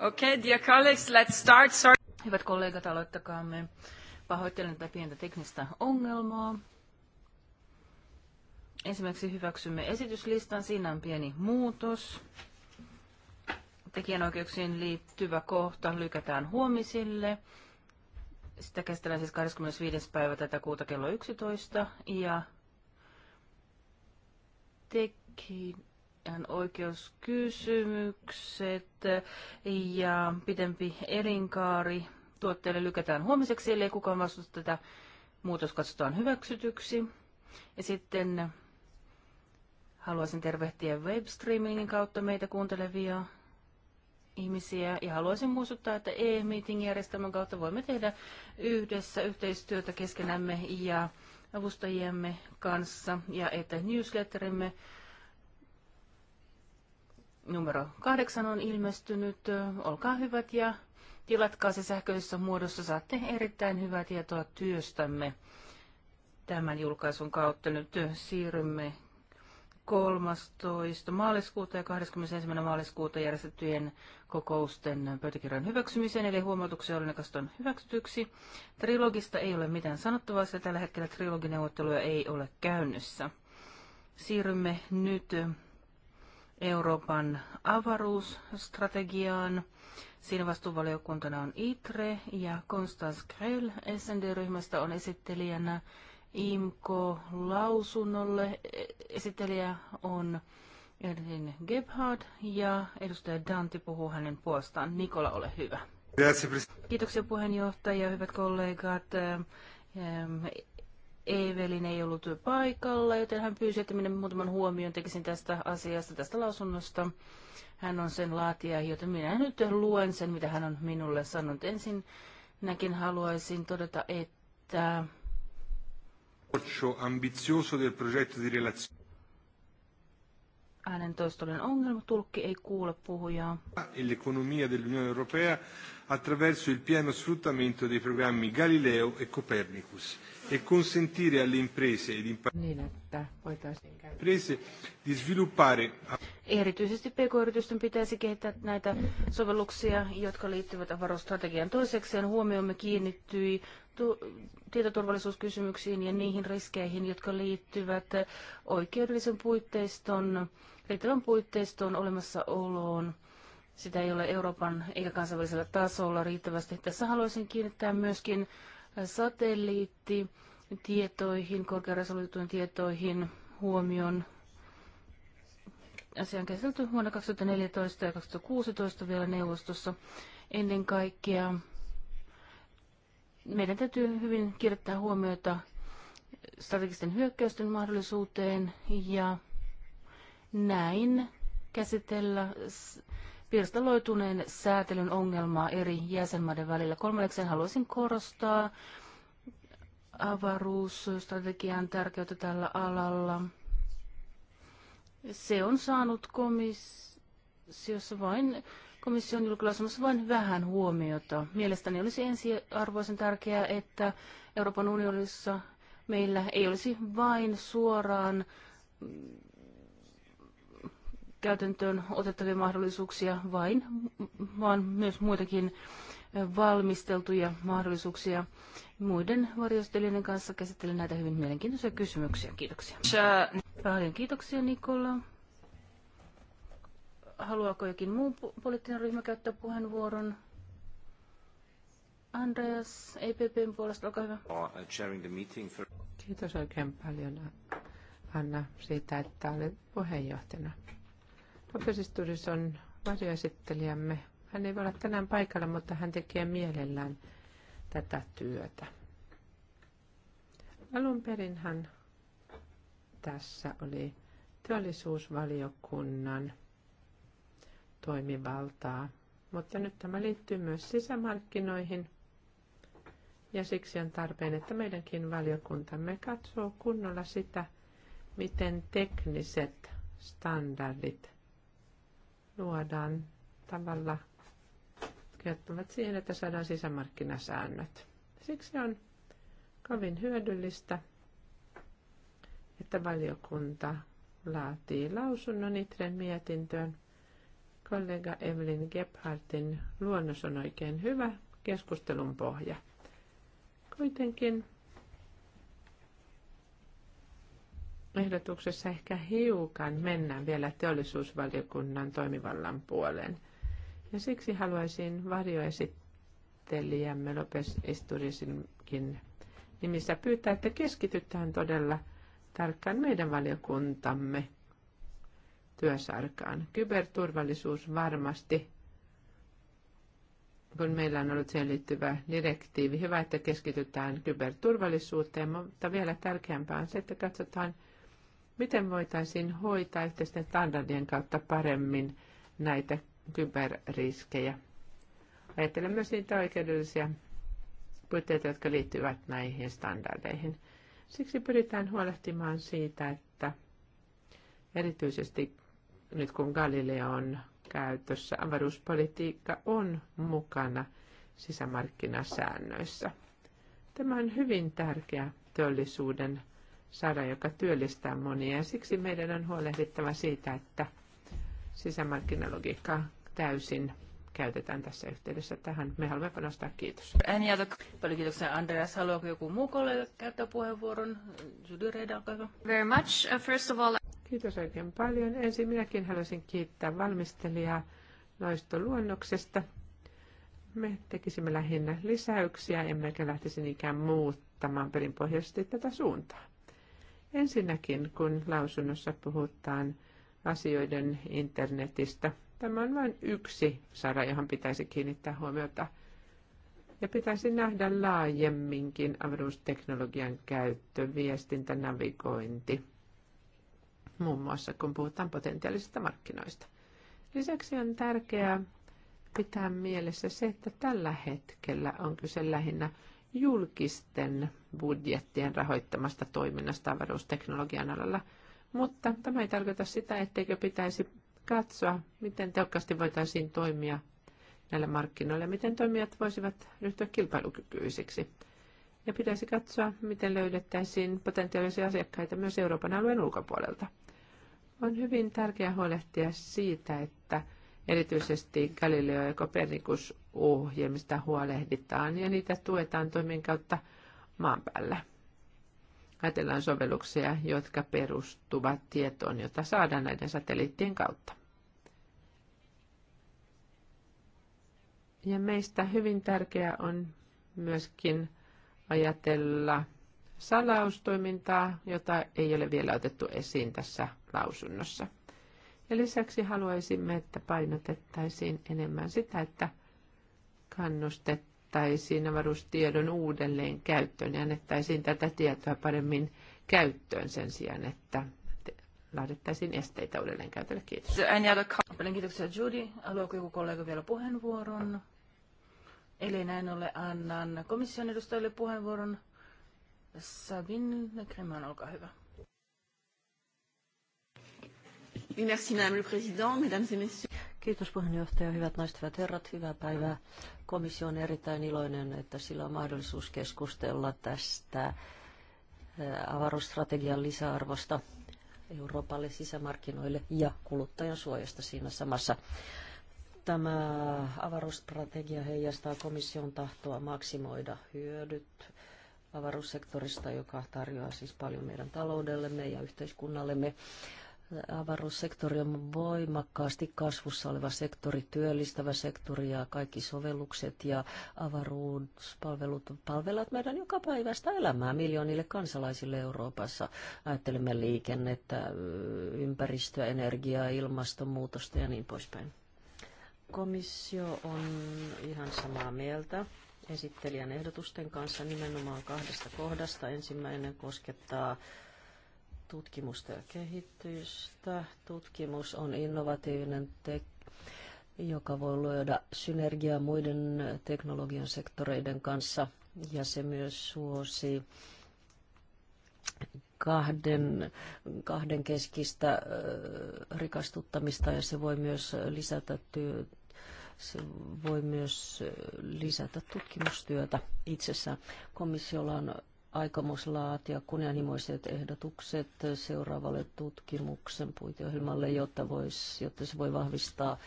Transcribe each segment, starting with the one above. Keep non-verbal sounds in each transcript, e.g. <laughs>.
Okay, dear colleagues, let's start. Sorry. Hyvät kollegat, aloittakaamme. Pahoittelen tätä pientä teknistä ongelmaa. Ensimmäiseksi hyväksymme esityslistan. Siinä on pieni muutos. Tekijänoikeuksiin liittyvä kohta lykätään huomisille. Sitä käsitellään siis 25. päivä tätä kuuta kello 11. Ja teki tähän oikeuskysymykset ja pitempi elinkaari tuotteelle lykätään huomiseksi, ellei kukaan vastusta tätä. Muutos katsotaan hyväksytyksi. Ja sitten haluaisin tervehtiä webstreamingin kautta meitä kuuntelevia ihmisiä ja haluaisin muistuttaa, että e-meeting-järjestelmän kautta voimme tehdä yhdessä yhteistyötä keskenämme ja avustajiemme kanssa ja että newsletterimme numero kahdeksan on ilmestynyt. Olkaa hyvät ja tilatkaa se sähköisessä muodossa. Saatte erittäin hyvää tietoa työstämme tämän julkaisun kautta. Nyt siirrymme 13. maaliskuuta ja 21. maaliskuuta järjestettyjen kokousten pöytäkirjan hyväksymiseen, eli huomautuksia oli on hyväksytyksi. Trilogista ei ole mitään sanottavaa, sillä tällä hetkellä trilogineuvotteluja ei ole käynnissä. Siirrymme nyt Euroopan avaruusstrategiaan. Siinä vastuuvaliokuntana on ITRE ja Konstanz Krell SND-ryhmästä on esittelijänä IMKO-lausunnolle. Esittelijä on Erwin Gebhard ja edustaja Danti puhuu hänen puolestaan. Nikola, ole hyvä. Kiitoksia puheenjohtaja, hyvät kollegat. Evelin ei ollut paikalla, joten hän pyysi, että minä muutaman huomion tekisin tästä asiasta, tästä lausunnosta. Hän on sen laatija, joten minä nyt luen sen, mitä hän on minulle sanonut. Ensinnäkin haluaisin todeta, että... ambizioso del progetto di relazione. Äänen toistollinen ongelma, tulkki ei kuule puhujaa. L'economia dell'Unione Europea attraverso il pieno sfruttamento dei programmi Galileo e Copernicus e consentire alle imprese ed niin, imprese di sviluppare... Erityisesti pk-yritysten pitäisi kehittää näitä sovelluksia, jotka liittyvät avaruusstrategian toisekseen. Huomiomme kiinnittyi tietoturvallisuuskysymyksiin ja niihin riskeihin, jotka liittyvät oikeudellisen puitteiston, riittävän puitteiston olemassaoloon. Sitä ei ole Euroopan eikä kansainvälisellä tasolla riittävästi. Tässä haluaisin kiinnittää myöskin satelliittitietoihin, korkearesoluutioiden tietoihin huomion. Asia on käsitelty vuonna 2014 ja 2016 vielä neuvostossa. Ennen kaikkea meidän täytyy hyvin kiinnittää huomiota strategisten hyökkäysten mahdollisuuteen ja näin käsitellä pirstaloituneen säätelyn ongelmaa eri jäsenmaiden välillä. Kolmanneksi haluaisin korostaa avaruusstrategian tärkeyttä tällä alalla. Se on saanut komissiossa vain komission julkilausumassa vain vähän huomiota. Mielestäni olisi ensiarvoisen tärkeää, että Euroopan unionissa meillä ei olisi vain suoraan käytäntöön otettavia mahdollisuuksia vain, vaan myös muitakin valmisteltuja mahdollisuuksia. Muiden varjostelijoiden kanssa käsittelen näitä hyvin mielenkiintoisia kysymyksiä. Kiitoksia. Paljon kiitoksia Nikola. Haluaako jokin muu poliittinen ryhmä käyttää puheenvuoron? Andreas, EPPn puolesta, olkaa hyvä. Uh, Kiitos oikein paljon, Anna, siitä, että olet puheenjohtajana. Papyristurus on varjoesittelijämme. Hän ei voi olla tänään paikalla, mutta hän tekee mielellään tätä työtä. Alun hän tässä oli teollisuusvaliokunnan toimivaltaa, mutta nyt tämä liittyy myös sisämarkkinoihin ja siksi on tarpeen, että meidänkin valiokuntamme katsoo kunnolla sitä, miten tekniset standardit luodaan tavalla, johtavat siihen, että saadaan sisämarkkinasäännöt. Siksi on kovin hyödyllistä, että valiokunta laatii lausunnon Itren mietintöön. Kollega Evelyn Gebhardtin luonnos on oikein hyvä keskustelun pohja. Kuitenkin ehdotuksessa ehkä hiukan mennään vielä teollisuusvaliokunnan toimivallan puoleen. Ja siksi haluaisin varjoesittelijämme Lopes Isturisinkin nimissä pyytää, että keskitytään todella tarkkaan meidän valiokuntamme työsarkaan. Kyberturvallisuus varmasti, kun meillä on ollut siihen liittyvä direktiivi, hyvä, että keskitytään kyberturvallisuuteen, mutta vielä tärkeämpää on se, että katsotaan Miten voitaisiin hoitaa yhteisten standardien kautta paremmin näitä kyberriskejä? Ajattelen myös niitä oikeudellisia puitteita, jotka liittyvät näihin standardeihin. Siksi pyritään huolehtimaan siitä, että erityisesti nyt kun Galileo on käytössä, avaruuspolitiikka on mukana sisämarkkinasäännöissä. Tämä on hyvin tärkeä teollisuuden saada, joka työllistää monia. Ja siksi meidän on huolehdittava siitä, että sisämarkkinalogiikkaa täysin käytetään tässä yhteydessä tähän. Me haluamme panostaa. Kiitos. Anja, paljon kiitoksia. Andreas, haluaako joku muu kollega käyttää puheenvuoron? Judy Reida, Very much. Uh, first of all... Kiitos oikein paljon. Ensin minäkin haluaisin kiittää valmistelijaa loistoluonnoksesta. Me tekisimme lähinnä lisäyksiä, emmekä lähtisi niinkään muuttamaan perinpohjaisesti tätä suuntaa. Ensinnäkin, kun lausunnossa puhutaan asioiden internetistä, tämä on vain yksi sara, johon pitäisi kiinnittää huomiota. Ja pitäisi nähdä laajemminkin avaruusteknologian käyttö, viestintä, navigointi, muun muassa kun puhutaan potentiaalisista markkinoista. Lisäksi on tärkeää pitää mielessä se, että tällä hetkellä on kyse lähinnä julkisten budjettien rahoittamasta toiminnasta avaruusteknologian alalla. Mutta tämä ei tarkoita sitä, etteikö pitäisi katsoa, miten tehokkaasti voitaisiin toimia näillä markkinoilla, miten toimijat voisivat ryhtyä kilpailukykyisiksi. Ja pitäisi katsoa, miten löydettäisiin potentiaalisia asiakkaita myös Euroopan alueen ulkopuolelta. On hyvin tärkeää huolehtia siitä, että erityisesti Galileo ja Copernicus ohjelmista huolehditaan ja niitä tuetaan toimien kautta maan päällä. Ajatellaan sovelluksia, jotka perustuvat tietoon, jota saadaan näiden satelliittien kautta. Ja meistä hyvin tärkeää on myöskin ajatella salaustoimintaa, jota ei ole vielä otettu esiin tässä lausunnossa. Ja lisäksi haluaisimme, että painotettaisiin enemmän sitä, että – kannustettaisiin avaruustiedon uudelleen käyttöön ja annettaisiin tätä tietoa paremmin käyttöön sen sijaan, että laadettaisiin esteitä uudelleen käytölle. Kiitos. Paljon kiitoksia Judy. Haluaako joku kollega vielä puheenvuoron? Eli näin ole annan komission edustajille puheenvuoron. Sabin Kreman, olkaa hyvä. Merci, Madame le Président, Mesdames et Messieurs. Kiitos puheenjohtaja, hyvät naiset, hyvät herrat, hyvää päivää. Komissio on erittäin iloinen, että sillä on mahdollisuus keskustella tästä avaruusstrategian lisäarvosta Euroopalle sisämarkkinoille ja kuluttajan suojasta siinä samassa. Tämä avaruusstrategia heijastaa komission tahtoa maksimoida hyödyt avaruussektorista, joka tarjoaa siis paljon meidän taloudellemme ja yhteiskunnallemme. Avaruussektori on voimakkaasti kasvussa oleva sektori, työllistävä sektori ja kaikki sovellukset ja avaruuspalvelut palvelevat meidän joka päivästä elämää miljoonille kansalaisille Euroopassa. Ajattelemme liikennettä, ympäristöä, energiaa, ilmastonmuutosta ja niin poispäin. Komissio on ihan samaa mieltä esittelijän ehdotusten kanssa nimenomaan kahdesta kohdasta. Ensimmäinen koskettaa tutkimusta ja kehitystä. Tutkimus on innovatiivinen tek- joka voi luoda synergiaa muiden teknologian sektoreiden kanssa ja se myös suosi kahden, kahden keskistä rikastuttamista ja se voi myös lisätä työ, se voi myös lisätä tutkimustyötä itsessään. Komissiolla on aikomuslaat ja kunnianhimoiset ehdotukset seuraavalle tutkimuksen puiteohjelmalle, jotta, voisi, jotta se voi vahvistaa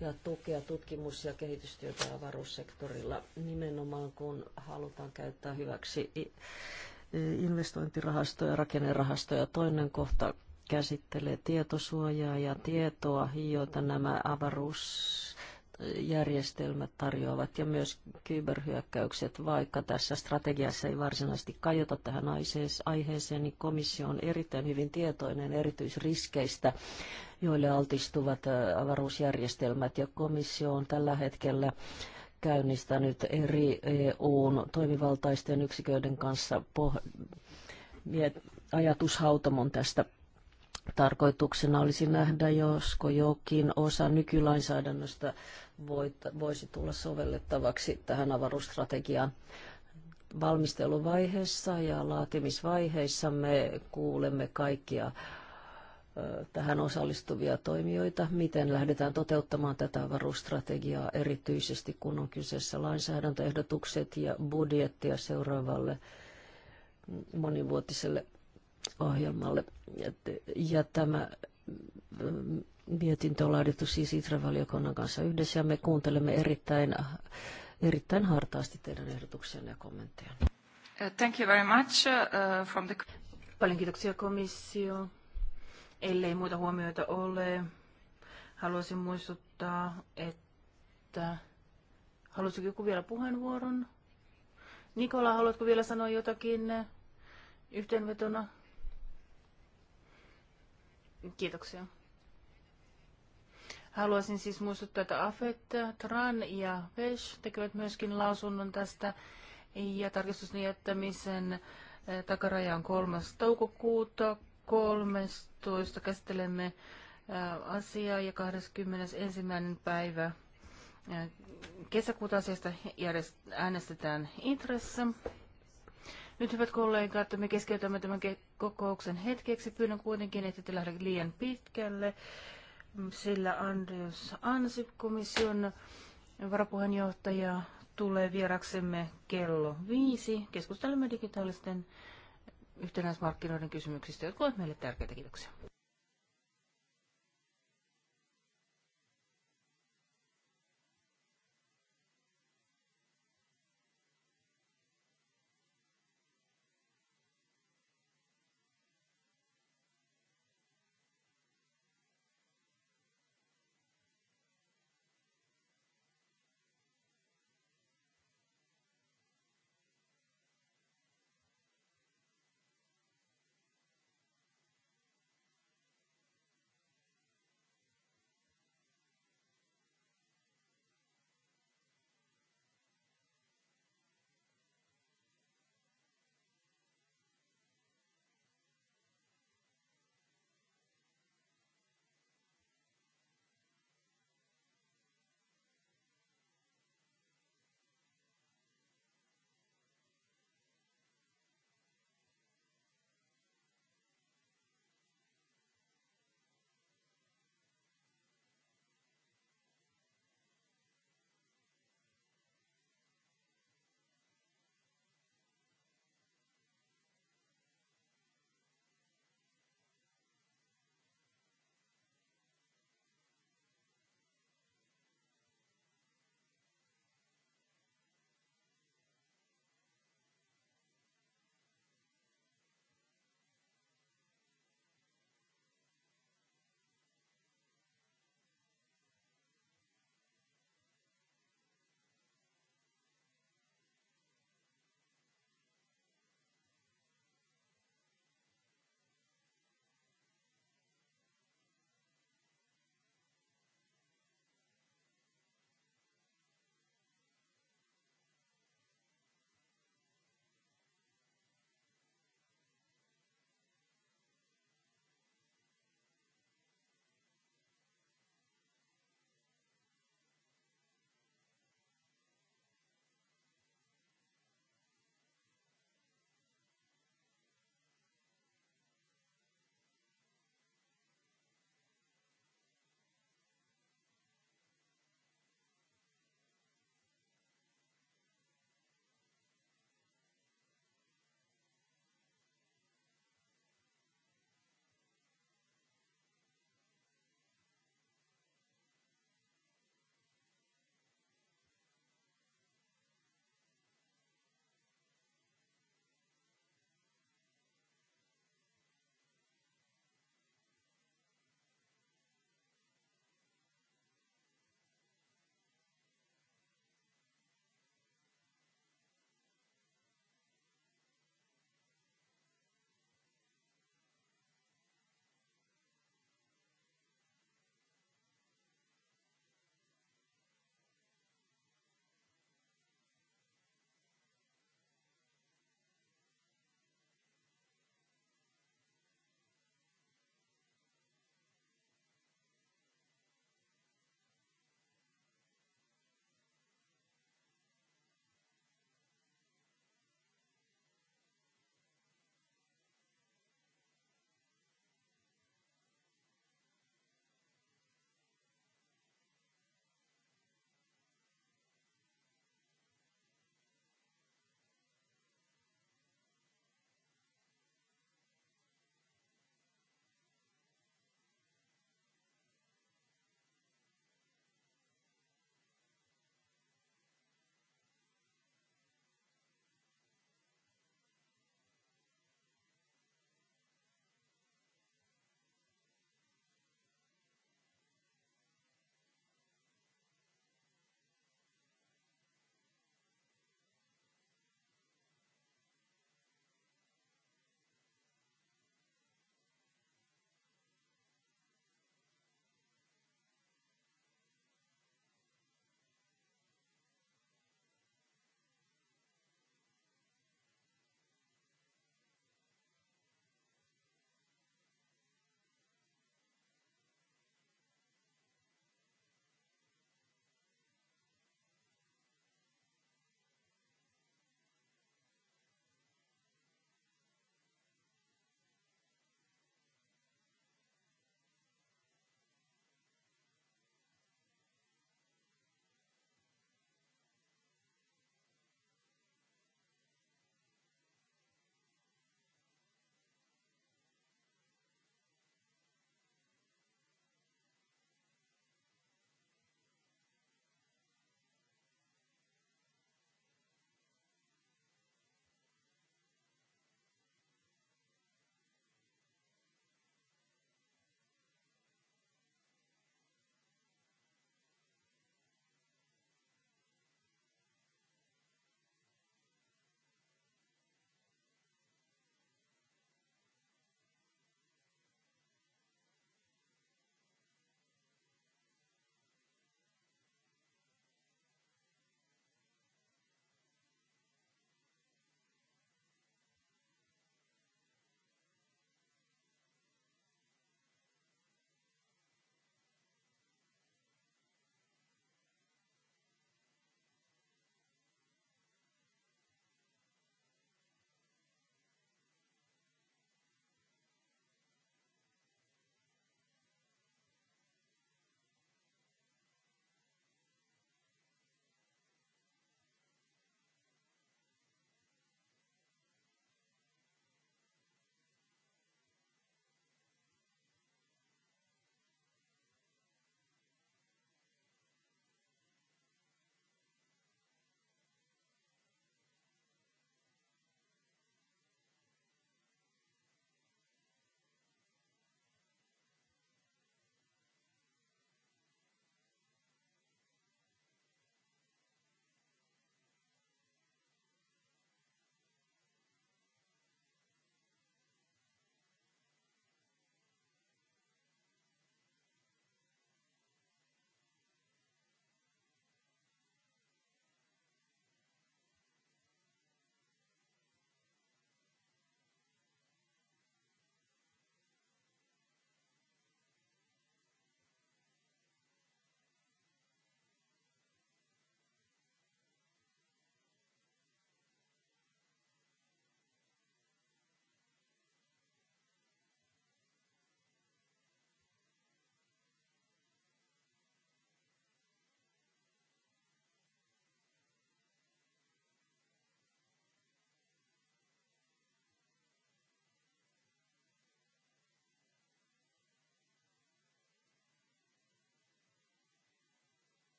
ja tukea tutkimus- ja kehitystyötä avaruussektorilla nimenomaan, kun halutaan käyttää hyväksi investointirahastoja, rakennerahastoja. Toinen kohta käsittelee tietosuojaa ja tietoa, joita nämä avaruus järjestelmät tarjoavat ja myös kyberhyökkäykset, vaikka tässä strategiassa ei varsinaisesti kajota tähän aiheeseen, niin komissio on erittäin hyvin tietoinen erityisriskeistä, joille altistuvat avaruusjärjestelmät ja komissio on tällä hetkellä käynnistänyt eri EUn toimivaltaisten yksiköiden kanssa poh- tästä Tarkoituksena olisi nähdä, josko jokin osa nykylainsäädännöstä voisi tulla sovellettavaksi tähän avaruusstrategiaan valmisteluvaiheessa ja laatimisvaiheessa me kuulemme kaikkia tähän osallistuvia toimijoita, miten lähdetään toteuttamaan tätä avaruusstrategiaa, erityisesti kun on kyseessä lainsäädäntöehdotukset ja budjettia seuraavalle monivuotiselle ohjelmalle. Ja, ja tämä mm, mietintö on laadittu siis Itra-valiokunnan kanssa yhdessä ja me kuuntelemme erittäin, erittäin hartaasti teidän ehdotuksenne ja kommentteja. Uh, thank you very much uh, uh from the... Paljon kiitoksia komissio. Ellei muita huomioita ole, haluaisin muistuttaa, että... halusitko joku vielä puheenvuoron? Nikola, haluatko vielä sanoa jotakin yhteenvetona? Kiitoksia. Haluaisin siis muistuttaa, että AFET, TRAN ja VESH tekevät myöskin lausunnon tästä ja tarkistusten jättämisen eh, takaraja on 3. toukokuuta. 13. käsittelemme eh, asiaa ja 21. päivä eh, kesäkuuta asiasta äänestetään intressa. Nyt hyvät kollegat, me keskeytämme tämän kokouksen hetkeksi. Pyydän kuitenkin, että te lähde liian pitkälle, mm, sillä Andreas Ansip, komission varapuheenjohtaja, tulee vieraksemme kello viisi. Keskustelemme digitaalisten yhtenäismarkkinoiden kysymyksistä, jotka ovat meille tärkeitä. Kiitoksia.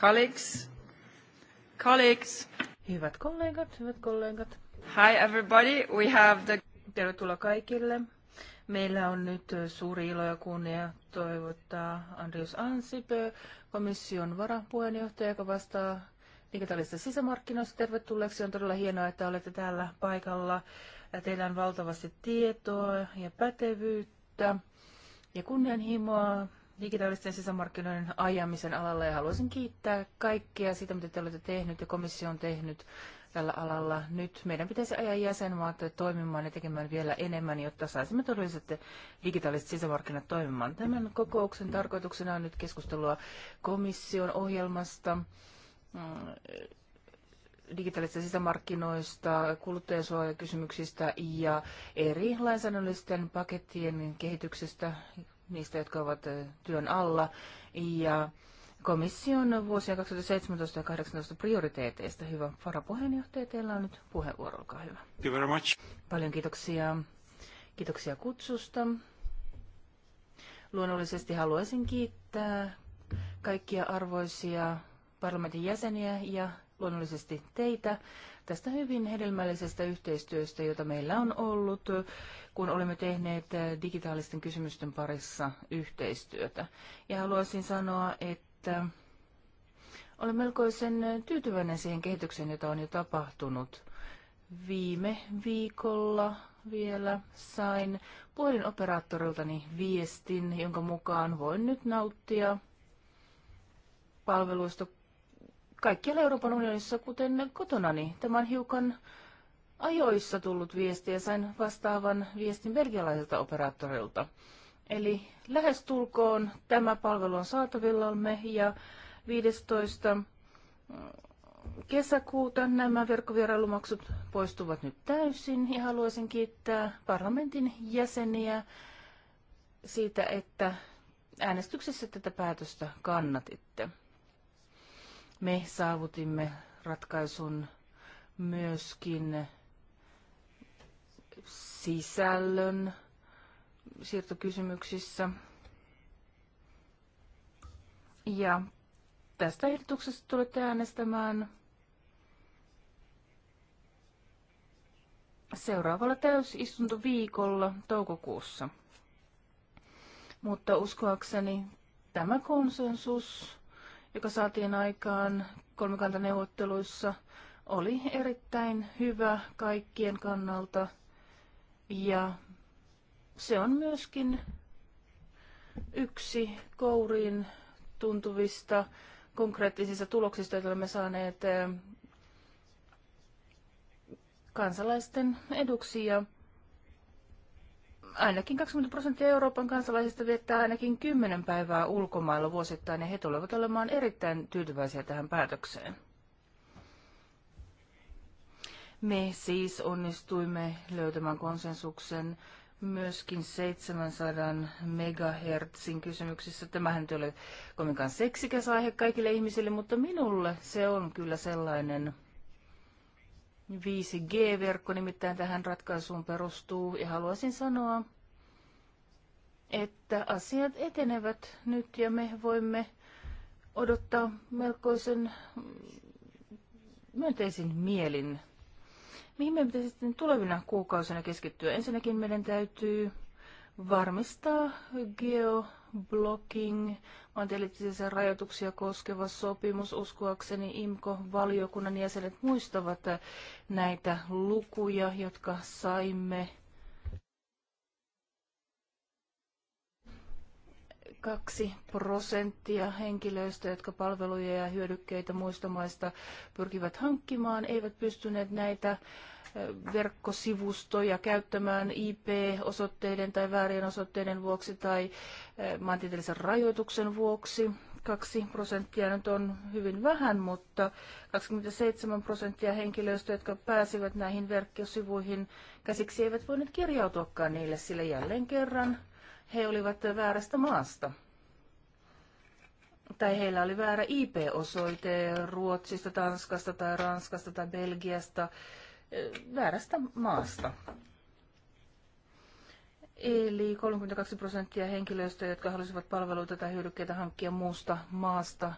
Colleagues. Colleagues. Hyvät kollegat, hyvät kollegat. Hi everybody, we have the... Tervetuloa kaikille. Meillä on nyt suuri ilo ja kunnia toivottaa Andrius Ansipö, komission varapuheenjohtaja, joka vastaa digitaalisista sisämarkkinoista. Tervetulleeksi. On todella hienoa, että olette täällä paikalla. Teillä on valtavasti tietoa ja pätevyyttä ja kunnianhimoa digitaalisten sisämarkkinoiden ajamisen alalla ja haluaisin kiittää kaikkia sitä, mitä te olette tehnyt ja komissio on tehnyt tällä alalla. Nyt meidän pitäisi ajaa jäsenmaat toimimaan ja tekemään vielä enemmän, jotta saisimme todelliset digitaaliset sisämarkkinat toimimaan. Tämän kokouksen tarkoituksena on nyt keskustelua komission ohjelmasta mm, digitaalisista sisämarkkinoista, kuluttajansuojakysymyksistä ja eri lainsäädännöllisten pakettien kehityksestä niistä, jotka ovat työn alla, ja komission vuosia 2017 ja 2018 prioriteeteista. Hyvä varapuheenjohtaja, teillä on nyt puheenvuoro, olkaa hyvä. Thank you very much. Paljon kiitoksia. Kiitoksia kutsusta. Luonnollisesti haluaisin kiittää kaikkia arvoisia parlamentin jäseniä ja luonnollisesti teitä tästä hyvin hedelmällisestä yhteistyöstä, jota meillä on ollut, kun olemme tehneet äh, digitaalisten kysymysten parissa yhteistyötä. Ja haluaisin sanoa, että olen melkoisen tyytyväinen siihen kehitykseen, jota on jo tapahtunut. Viime viikolla vielä sain puhelinoperaattoriltani viestin, jonka mukaan voin nyt nauttia palveluista kaikkialla Euroopan unionissa, kuten kotonani. Tämä on hiukan ajoissa tullut viesti ja sain vastaavan viestin belgialaiselta operaattorilta. Eli lähestulkoon tämä palvelu on saatavillamme ja 15. kesäkuuta nämä verkkovierailumaksut poistuvat nyt täysin ja haluaisin kiittää parlamentin jäseniä siitä, että äänestyksessä tätä päätöstä kannatitte. Me saavutimme ratkaisun myöskin sisällön siirtokysymyksissä. Ja tästä ehdotuksesta tulette äänestämään seuraavalla täysistuntoviikolla toukokuussa. Mutta uskoakseni tämä konsensus joka saatiin aikaan kolmikantaneuvotteluissa, oli erittäin hyvä kaikkien kannalta. Ja se on myöskin yksi kouriin tuntuvista konkreettisista tuloksista, joita olemme saaneet eh, kansalaisten eduksi. Ja ainakin 20 prosenttia Euroopan kansalaisista viettää ainakin 10 päivää ulkomailla vuosittain ja he tulevat olemaan erittäin tyytyväisiä tähän päätökseen. Me siis onnistuimme löytämään konsensuksen myöskin 700 megahertsin kysymyksissä. Tämähän ei ole kovinkaan seksikäs aihe kaikille ihmisille, mutta minulle se on kyllä sellainen 5G-verkko nimittäin tähän ratkaisuun perustuu ja haluaisin sanoa, että asiat etenevät nyt ja me voimme odottaa melkoisen myönteisin mielin. Mihin meidän pitäisi sitten tulevina kuukausina keskittyä? Ensinnäkin meidän täytyy varmistaa geo blocking, maantieteellisiä rajoituksia koskeva sopimus. Uskoakseni IMKO-valiokunnan jäsenet muistavat näitä lukuja, jotka saimme 2 prosenttia henkilöistä, jotka palveluja ja hyödykkeitä muista maista pyrkivät hankkimaan, eivät pystyneet näitä verkkosivustoja käyttämään IP-osoitteiden tai väärien osoitteiden vuoksi tai eh, maantieteellisen rajoituksen vuoksi. 2 prosenttia nyt on hyvin vähän, mutta 27 prosenttia henkilöistä, jotka pääsivät näihin verkkosivuihin käsiksi, eivät voineet kirjautuakaan niille, sillä jälleen kerran he olivat väärästä maasta. Tai heillä oli väärä IP-osoite Ruotsista, Tanskasta tai Ranskasta tai Belgiasta väärästä maasta. Eli 32 prosenttia henkilöistä, jotka halusivat palveluita tai hyödykkeitä hankkia muusta maasta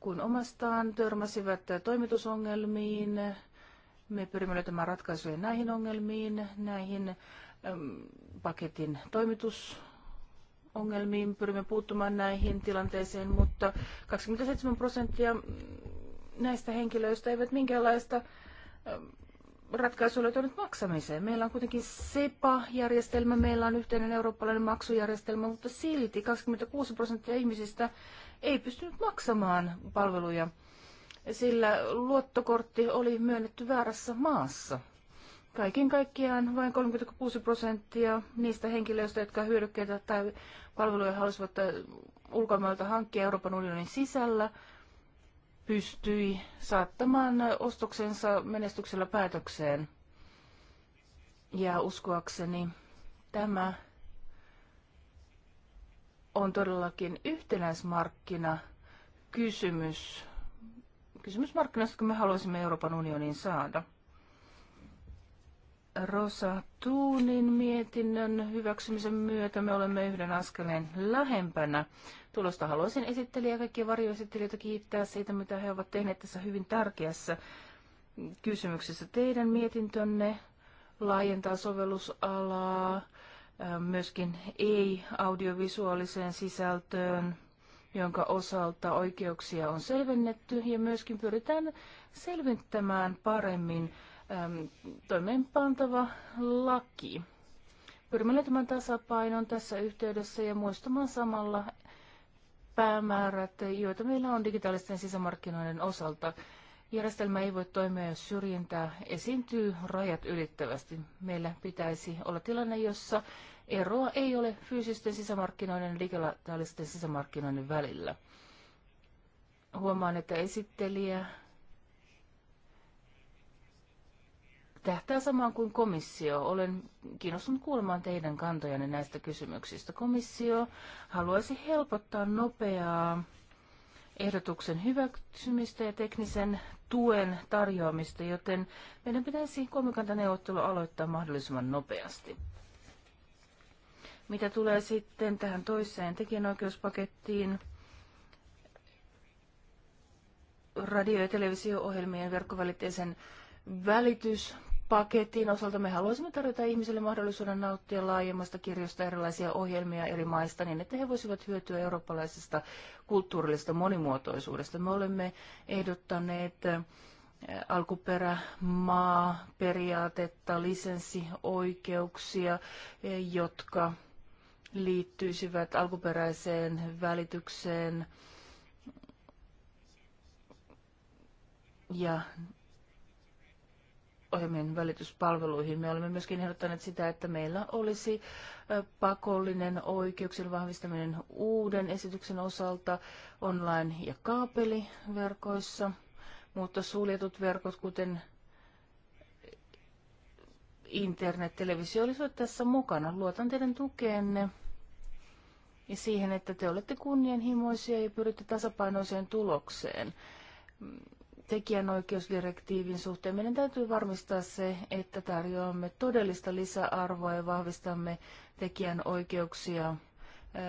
kuin omastaan, törmäsivät toimitusongelmiin. Me pyrimme löytämään ratkaisuja näihin ongelmiin, näihin paketin toimitus ongelmiin, pyrimme puuttumaan näihin tilanteisiin, mutta 27 prosenttia näistä henkilöistä eivät minkäänlaista ratkaisu löytynyt maksamiseen. Meillä on kuitenkin SEPA-järjestelmä, meillä on yhteinen eurooppalainen maksujärjestelmä, mutta silti 26 prosenttia ihmisistä ei pystynyt maksamaan palveluja, sillä luottokortti oli myönnetty väärässä maassa. Kaiken kaikkiaan vain 36 prosenttia niistä henkilöistä, jotka hyödykkeitä tai palveluja halusivat ulkomailta hankkia Euroopan unionin sisällä, pystyi saattamaan ostoksensa menestyksellä päätökseen. Ja uskoakseni tämä on todellakin yhtenäismarkkina kysymys. Kysymys markkinasta, kun me haluaisimme Euroopan unionin saada. Rosa Tuunin mietinnön hyväksymisen myötä me olemme yhden askeleen lähempänä. Tulosta haluaisin esittelijä ja kaikkia varjoesittelijöitä kiittää siitä, mitä he ovat tehneet tässä hyvin tärkeässä kysymyksessä. Teidän mietintönne laajentaa sovellusalaa myöskin ei-audiovisuaaliseen sisältöön, jonka osalta oikeuksia on selvennetty ja myöskin pyritään selventämään paremmin toimeenpantava laki. Pyrimme löytämään tasapainon tässä yhteydessä ja muistamaan samalla päämäärät, joita meillä on digitaalisten sisämarkkinoiden osalta. Järjestelmä ei voi toimia, jos syrjintää esiintyy rajat ylittävästi. Meillä pitäisi olla tilanne, jossa eroa ei ole fyysisten sisämarkkinoiden ja digitaalisten sisämarkkinoiden välillä. Huomaan, että esittelijä tähtää samaan kuin komissio. Olen kiinnostunut kuulemaan teidän kantojanne näistä kysymyksistä. Komissio haluaisi helpottaa nopeaa ehdotuksen hyväksymistä ja teknisen tuen tarjoamista, joten meidän pitäisi kolmikantaneuvottelu aloittaa mahdollisimman nopeasti. Mitä tulee sitten tähän toiseen tekijänoikeuspakettiin, radio- ja televisio-ohjelmien verkkovälitteisen välitys paketin osalta me haluaisimme tarjota ihmisille mahdollisuuden nauttia laajemmasta kirjosta erilaisia ohjelmia eri maista niin, että he voisivat hyötyä eurooppalaisesta kulttuurillisesta monimuotoisuudesta. Me olemme ehdottaneet eh, alkuperämaa periaatetta, lisenssioikeuksia, eh, jotka liittyisivät alkuperäiseen välitykseen ja ohjelmien välityspalveluihin. Me olemme myöskin ehdottaneet sitä, että meillä olisi pakollinen oikeuksien vahvistaminen uuden esityksen osalta online- ja kaapeliverkoissa, mutta suljetut verkot, kuten internet, televisio olisivat tässä mukana. Luotan teidän tukeenne ja siihen, että te olette kunnianhimoisia ja pyritte tasapainoiseen tulokseen tekijänoikeusdirektiivin suhteen meidän täytyy varmistaa se, että tarjoamme todellista lisäarvoa ja vahvistamme tekijänoikeuksia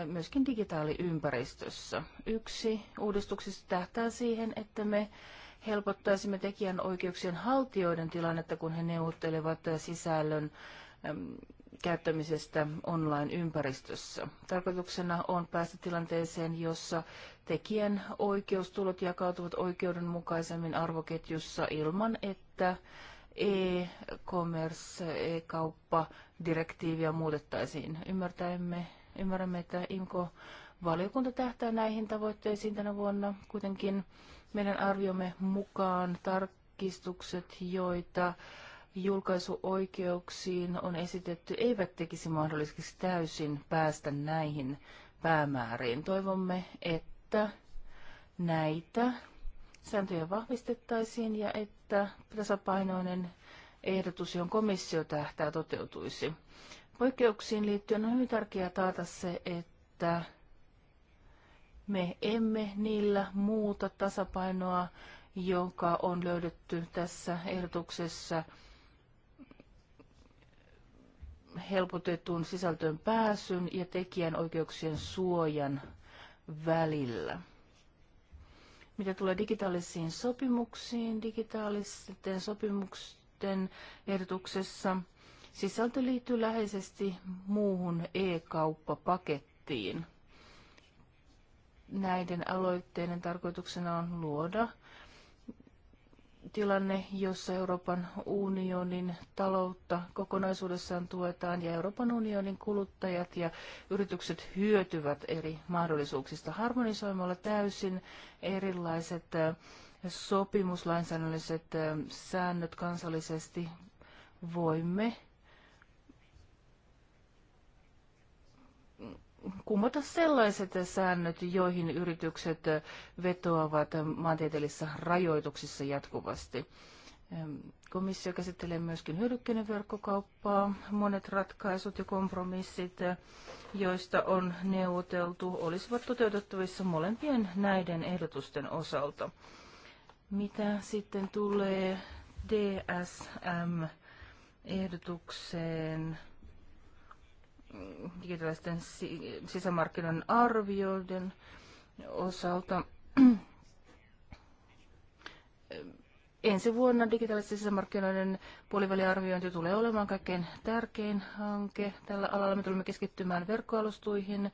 myöskin digitaaliympäristössä. Yksi uudistuksista tähtää siihen, että me helpottaisimme tekijänoikeuksien haltijoiden tilannetta, kun he neuvottelevat sisällön käyttämisestä online-ympäristössä. Tarkoituksena on päästä tilanteeseen, jossa tekijän oikeustulot jakautuvat oikeudenmukaisemmin arvoketjussa ilman, että e-commerce, e-kauppa, direktiiviä muutettaisiin. Ymmärtämme, ymmärrämme, että IMKO Valiokunta tähtää näihin tavoitteisiin tänä vuonna. Kuitenkin meidän arviomme mukaan tarkistukset, joita julkaisuoikeuksiin on esitetty, eivät tekisi mahdolliseksi täysin päästä näihin päämääriin. Toivomme, että näitä sääntöjä vahvistettaisiin ja että tasapainoinen ehdotus, johon komissio tähtää, toteutuisi. Poikkeuksiin liittyen on hyvin tärkeää taata se, että me emme niillä muuta tasapainoa, joka on löydetty tässä ehdotuksessa – helpotetun sisältöön pääsyn ja tekijän oikeuksien suojan välillä. Mitä tulee digitaalisiin sopimuksiin, digitaalisten sopimusten ehdotuksessa sisältö liittyy läheisesti muuhun e-kauppapakettiin. Näiden aloitteiden tarkoituksena on luoda tilanne, jossa Euroopan unionin taloutta kokonaisuudessaan tuetaan ja Euroopan unionin kuluttajat ja yritykset hyötyvät eri mahdollisuuksista harmonisoimalla täysin erilaiset äh, sopimuslainsäädännölliset äh, säännöt kansallisesti voimme kumota sellaiset säännöt, joihin yritykset vetoavat maantieteellisissä rajoituksissa jatkuvasti. Komissio käsittelee myöskin hyödykkeiden verkkokauppaa. Monet ratkaisut ja kompromissit, joista on neuvoteltu, olisivat toteutettavissa molempien näiden ehdotusten osalta. Mitä sitten tulee DSM-ehdotukseen? digitaalisten sisämarkkinoiden arvioiden osalta. Ensi vuonna digitaalisten sisämarkkinoiden puoliväliarviointi tulee olemaan kaikkein tärkein hanke. Tällä alalla me tulemme keskittymään verkkoalustuihin,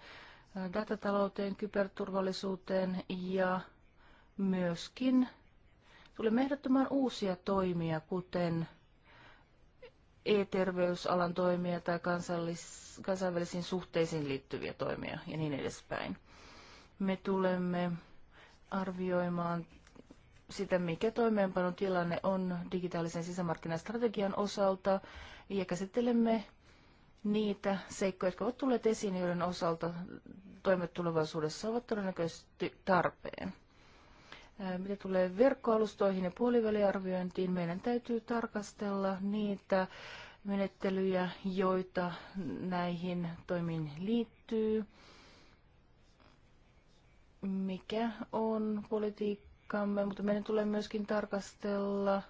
datatalouteen, kyberturvallisuuteen ja myöskin tulemme ehdottamaan uusia toimia, kuten e-terveysalan toimia tai kansallis, kansainvälisiin suhteisiin liittyviä toimia ja niin edespäin. Me tulemme arvioimaan sitä, mikä toimeenpanon tilanne on digitaalisen sisämarkkinastrategian osalta ja käsittelemme niitä seikkoja, jotka ovat tulleet esiin, joiden osalta toimet tulevaisuudessa ovat todennäköisesti tarpeen. Mitä tulee verkkoalustoihin ja puoliväliarviointiin, meidän täytyy tarkastella niitä menettelyjä, joita näihin toimiin liittyy. Mikä on politiikkamme, mutta meidän tulee myöskin tarkastella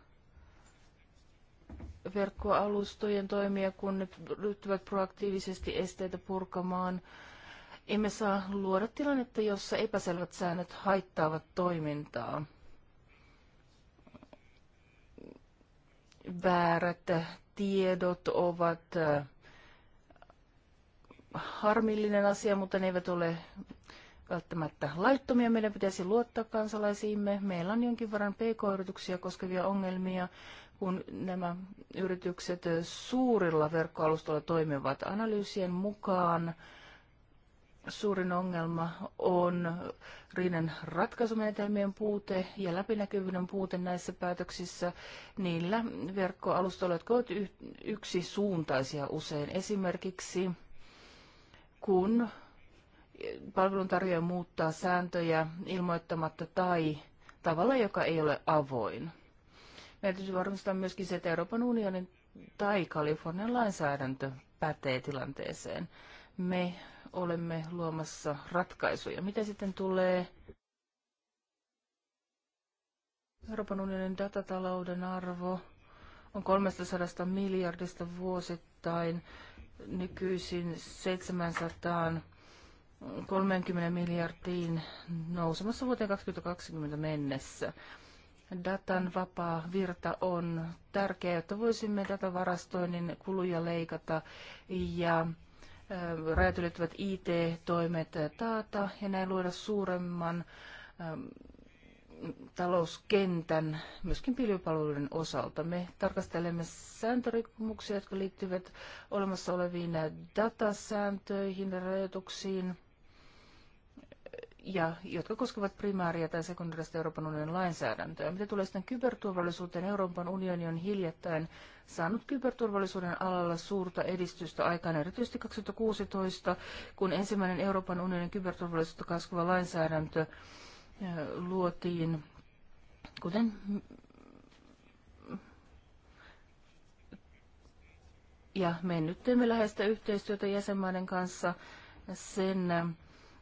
verkkoalustojen toimia, kun ne ryhtyvät proaktiivisesti esteitä purkamaan – emme saa luoda tilannetta, jossa epäselvät säännöt haittaavat toimintaa. Väärät tiedot ovat äh, harmillinen asia, mutta ne eivät ole välttämättä laittomia. Meidän pitäisi luottaa kansalaisiimme. Meillä on jonkin verran pk-yrityksiä koskevia ongelmia, kun nämä yritykset suurilla verkkoalustoilla toimivat analyysien mukaan suurin ongelma on riidan ratkaisumenetelmien puute ja läpinäkyvyyden puute näissä päätöksissä. Niillä verkkoalustoilla, jotka ovat yksisuuntaisia usein. Esimerkiksi kun palveluntarjoaja muuttaa sääntöjä ilmoittamatta tai tavalla, joka ei ole avoin. Meidän täytyy varmistaa myöskin se, että Euroopan unionin tai Kalifornian lainsäädäntö pätee tilanteeseen. Me olemme luomassa ratkaisuja. Mitä sitten tulee Euroopan unionin datatalouden arvo on 300 miljardista vuosittain nykyisin 730 miljardiin nousemassa vuoteen 2020 mennessä. Datan vapaa virta on tärkeä, jotta voisimme datavarastoinnin kuluja leikata ja rajat ylittävät IT-toimet taata ja näin luoda suuremman talouskentän myöskin pilvipalveluiden osalta. Me tarkastelemme sääntörikkomuksia, jotka liittyvät olemassa oleviin datasääntöihin ja rajoituksiin ja jotka koskevat primääriä tai sekundaarista Euroopan unionin lainsäädäntöä. Mitä tulee sitten kyberturvallisuuteen, Euroopan unioni on hiljattain saanut kyberturvallisuuden alalla suurta edistystä aikana, erityisesti 2016, kun ensimmäinen Euroopan unionin kyberturvallisuutta kasvava lainsäädäntö luotiin, kuten ja me nyt teemme läheistä yhteistyötä jäsenmaiden kanssa sen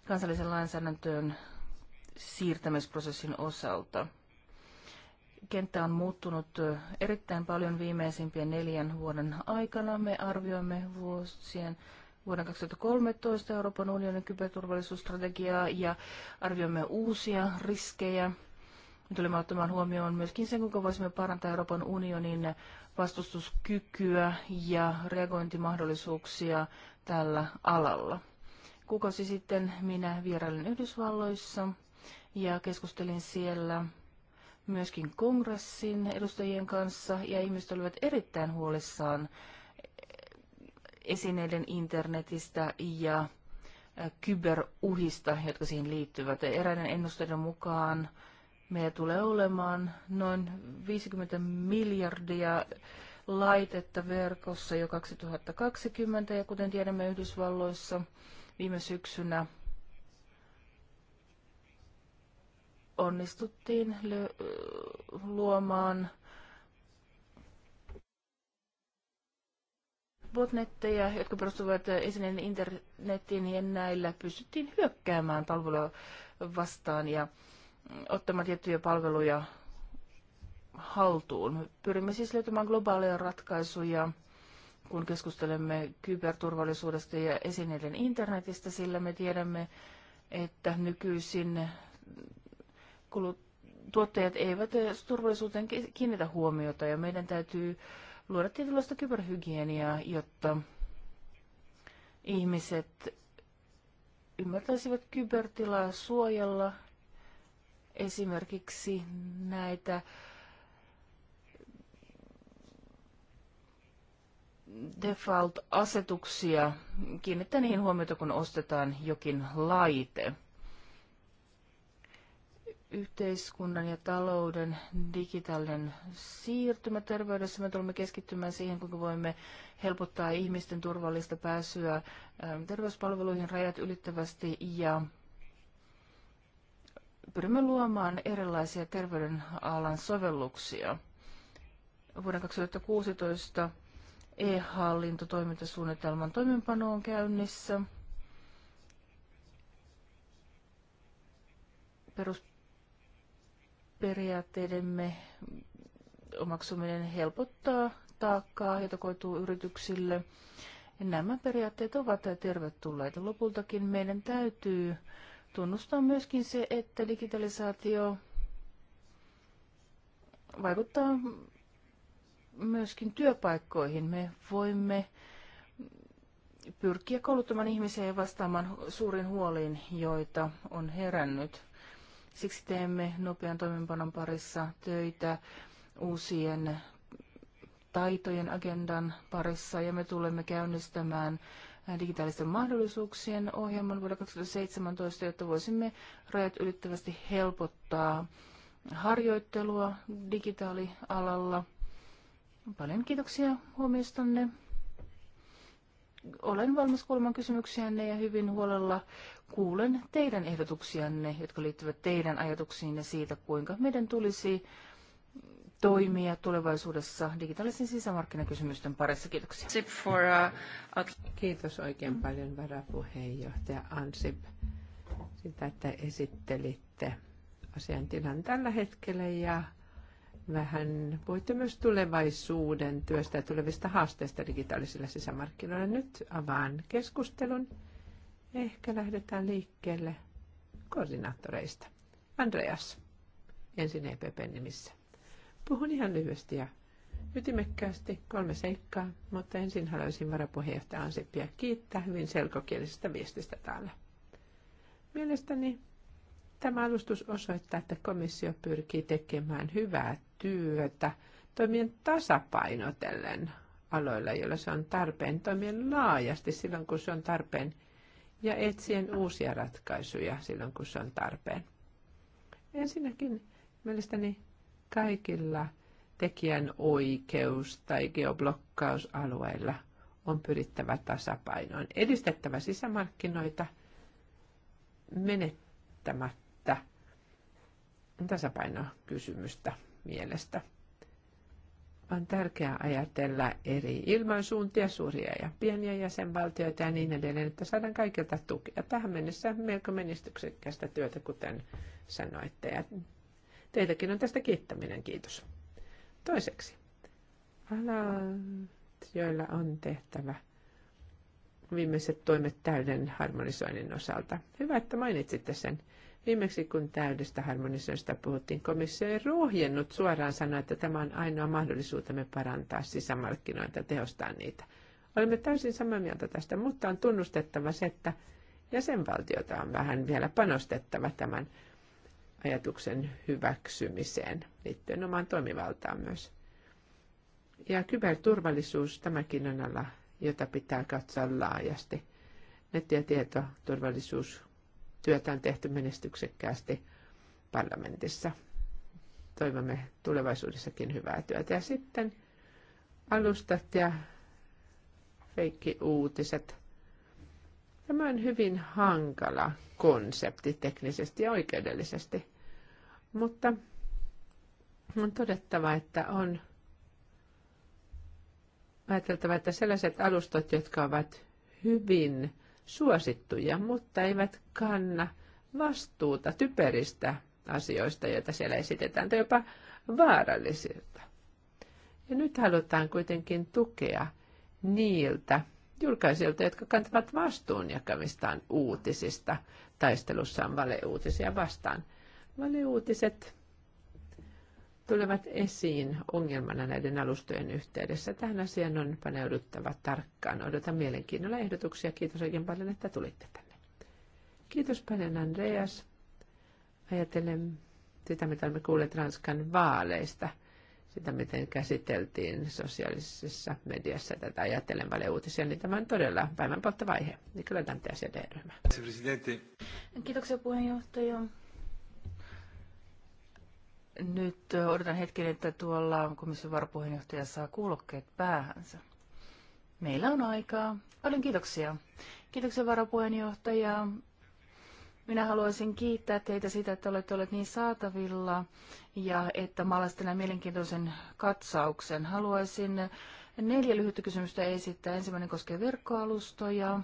kansallisen lainsäädäntöön siirtämisprosessin osalta. Kenttä on muuttunut erittäin paljon viimeisimpien neljän vuoden aikana. Me arvioimme vuosien vuoden 2013 Euroopan unionin kyberturvallisuusstrategiaa ja arvioimme uusia riskejä. Me tulimme ottamaan huomioon myöskin sen, kuinka voisimme parantaa Euroopan unionin vastustuskykyä ja reagointimahdollisuuksia tällä alalla. Kuukausi sitten minä vierailin Yhdysvalloissa ja keskustelin siellä myöskin kongressin edustajien kanssa ja ihmiset olivat erittäin huolissaan esineiden internetistä ja kyberuhista, jotka siihen liittyvät. Eräiden ennusteiden mukaan meillä tulee olemaan noin 50 miljardia laitetta verkossa jo 2020 ja kuten tiedämme Yhdysvalloissa viime syksynä onnistuttiin luomaan botnetteja, jotka perustuvat esineen internettiin ja näillä pystyttiin hyökkäämään palvelua vastaan ja ottamaan tiettyjä palveluja haltuun. Pyrimme siis löytämään globaaleja ratkaisuja kun keskustelemme kyberturvallisuudesta ja esineiden internetistä, sillä me tiedämme, että nykyisin tuottajat eivät turvallisuuteen kiinnitä huomiota ja meidän täytyy luoda tietynlaista kyberhygieniaa, jotta ihmiset ymmärtäisivät kybertilaa suojella esimerkiksi näitä default-asetuksia, kiinnittää niihin huomiota, kun ostetaan jokin laite. Yhteiskunnan ja talouden digitaalinen siirtymä terveydessä. Me tulemme keskittymään siihen, kuinka voimme helpottaa ihmisten turvallista pääsyä ähm, terveyspalveluihin rajat ylittävästi ja pyrimme luomaan erilaisia terveydenalan sovelluksia. Vuoden 2016 e-hallintotoimintasuunnitelman toimenpano on käynnissä. Perusperiaatteidemme omaksuminen helpottaa taakkaa, jota koituu yrityksille. Nämä periaatteet ovat tervetulleita. Lopultakin meidän täytyy tunnustaa myöskin se, että digitalisaatio vaikuttaa myöskin työpaikkoihin. Me voimme pyrkiä kouluttamaan ihmisiä ja vastaamaan suurin huoliin, joita on herännyt. Siksi teemme nopean toimenpanon parissa töitä uusien taitojen agendan parissa ja me tulemme käynnistämään digitaalisten mahdollisuuksien ohjelman vuonna 2017, jotta voisimme rajat ylittävästi helpottaa harjoittelua digitaalialalla – Paljon kiitoksia huomiostanne. Olen valmis kuulemaan kysymyksiänne ja hyvin huolella kuulen teidän ehdotuksianne, jotka liittyvät teidän ajatuksiinne siitä, kuinka meidän tulisi toimia tulevaisuudessa digitaalisen sisämarkkinakysymysten parissa. Kiitoksia. Uh, Kiitos oikein paljon varapuheenjohtaja Ansip sitä, että esittelitte asiantilan tällä hetkellä ja vähän puhuitte myös tulevaisuuden työstä ja tulevista haasteista digitaalisilla sisämarkkinoilla. Nyt avaan keskustelun. Ehkä lähdetään liikkeelle koordinaattoreista. Andreas, ensin EPPn nimissä. Puhun ihan lyhyesti ja ytimekkäästi kolme seikkaa, mutta ensin haluaisin varapuheenjohtaja Ansipia kiittää hyvin selkokielisestä viestistä täällä. Mielestäni Tämä alustus osoittaa, että komissio pyrkii tekemään hyvää työtä toimien tasapainotellen aloilla, joilla se on tarpeen, toimien laajasti silloin, kun se on tarpeen, ja etsien uusia ratkaisuja silloin, kun se on tarpeen. Ensinnäkin mielestäni kaikilla tekijän oikeus- tai geoblokkausalueilla on pyrittävä tasapainoon, edistettävä sisämarkkinoita menettämättä tasapainokysymystä mielestä. On tärkeää ajatella eri ilmansuuntia, suuria ja pieniä jäsenvaltioita ja niin edelleen, että saadaan kaikilta tukea. Tähän mennessä melko menestyksekkäistä työtä, kuten sanoitte. Ja teitäkin on tästä kiittäminen, kiitos. Toiseksi, alat, joilla on tehtävä viimeiset toimet täyden harmonisoinnin osalta. Hyvä, että mainitsitte sen. Viimeksi kun täydestä harmonisoinnista puhuttiin, komissio ei rohjennut suoraan sanoa, että tämä on ainoa mahdollisuutemme parantaa sisämarkkinoita, tehostaa niitä. Olemme täysin samaa mieltä tästä, mutta on tunnustettava se, että jäsenvaltiota on vähän vielä panostettava tämän ajatuksen hyväksymiseen liittyen omaan toimivaltaan myös. Ja kyberturvallisuus, tämäkin on ala, jota pitää katsoa laajasti. Netti- ja tietoturvallisuus Työtään tehty menestyksekkäästi parlamentissa. Toivomme tulevaisuudessakin hyvää työtä. Ja sitten alustat ja uutiset. Tämä on hyvin hankala konsepti teknisesti ja oikeudellisesti, mutta on todettava, että on ajateltava, että sellaiset alustat, jotka ovat hyvin suosittuja, mutta eivät kanna vastuuta typeristä asioista, joita siellä esitetään, tai jopa vaarallisilta. Ja nyt halutaan kuitenkin tukea niiltä julkaisilta, jotka kantavat vastuun jakamistaan uutisista taistelussaan valeuutisia vastaan. Valeuutiset tulevat esiin ongelmana näiden alustojen yhteydessä. Tähän asiaan on paneuduttava tarkkaan. Odotan mielenkiinnolla ehdotuksia. Kiitos oikein paljon, että tulitte tänne. Kiitos paljon Andreas. Ajattelen sitä, mitä olemme kuulleet Ranskan vaaleista, sitä, miten käsiteltiin sosiaalisessa mediassa tätä ajattelen paljon uutisia, niin tämä on todella päivän polttava aihe. Niin kyllä tämän Kiitoksia puheenjohtaja. Nyt odotan hetken, että tuolla komission varapuheenjohtaja saa kuulokkeet päähänsä. Meillä on aikaa. Paljon kiitoksia. Kiitoksia varapuheenjohtaja. Minä haluaisin kiittää teitä siitä, että olette olleet niin saatavilla ja että maalasitte näin mielenkiintoisen katsauksen. Haluaisin neljä lyhyttä kysymystä esittää. Ensimmäinen koskee verkkoalustoja.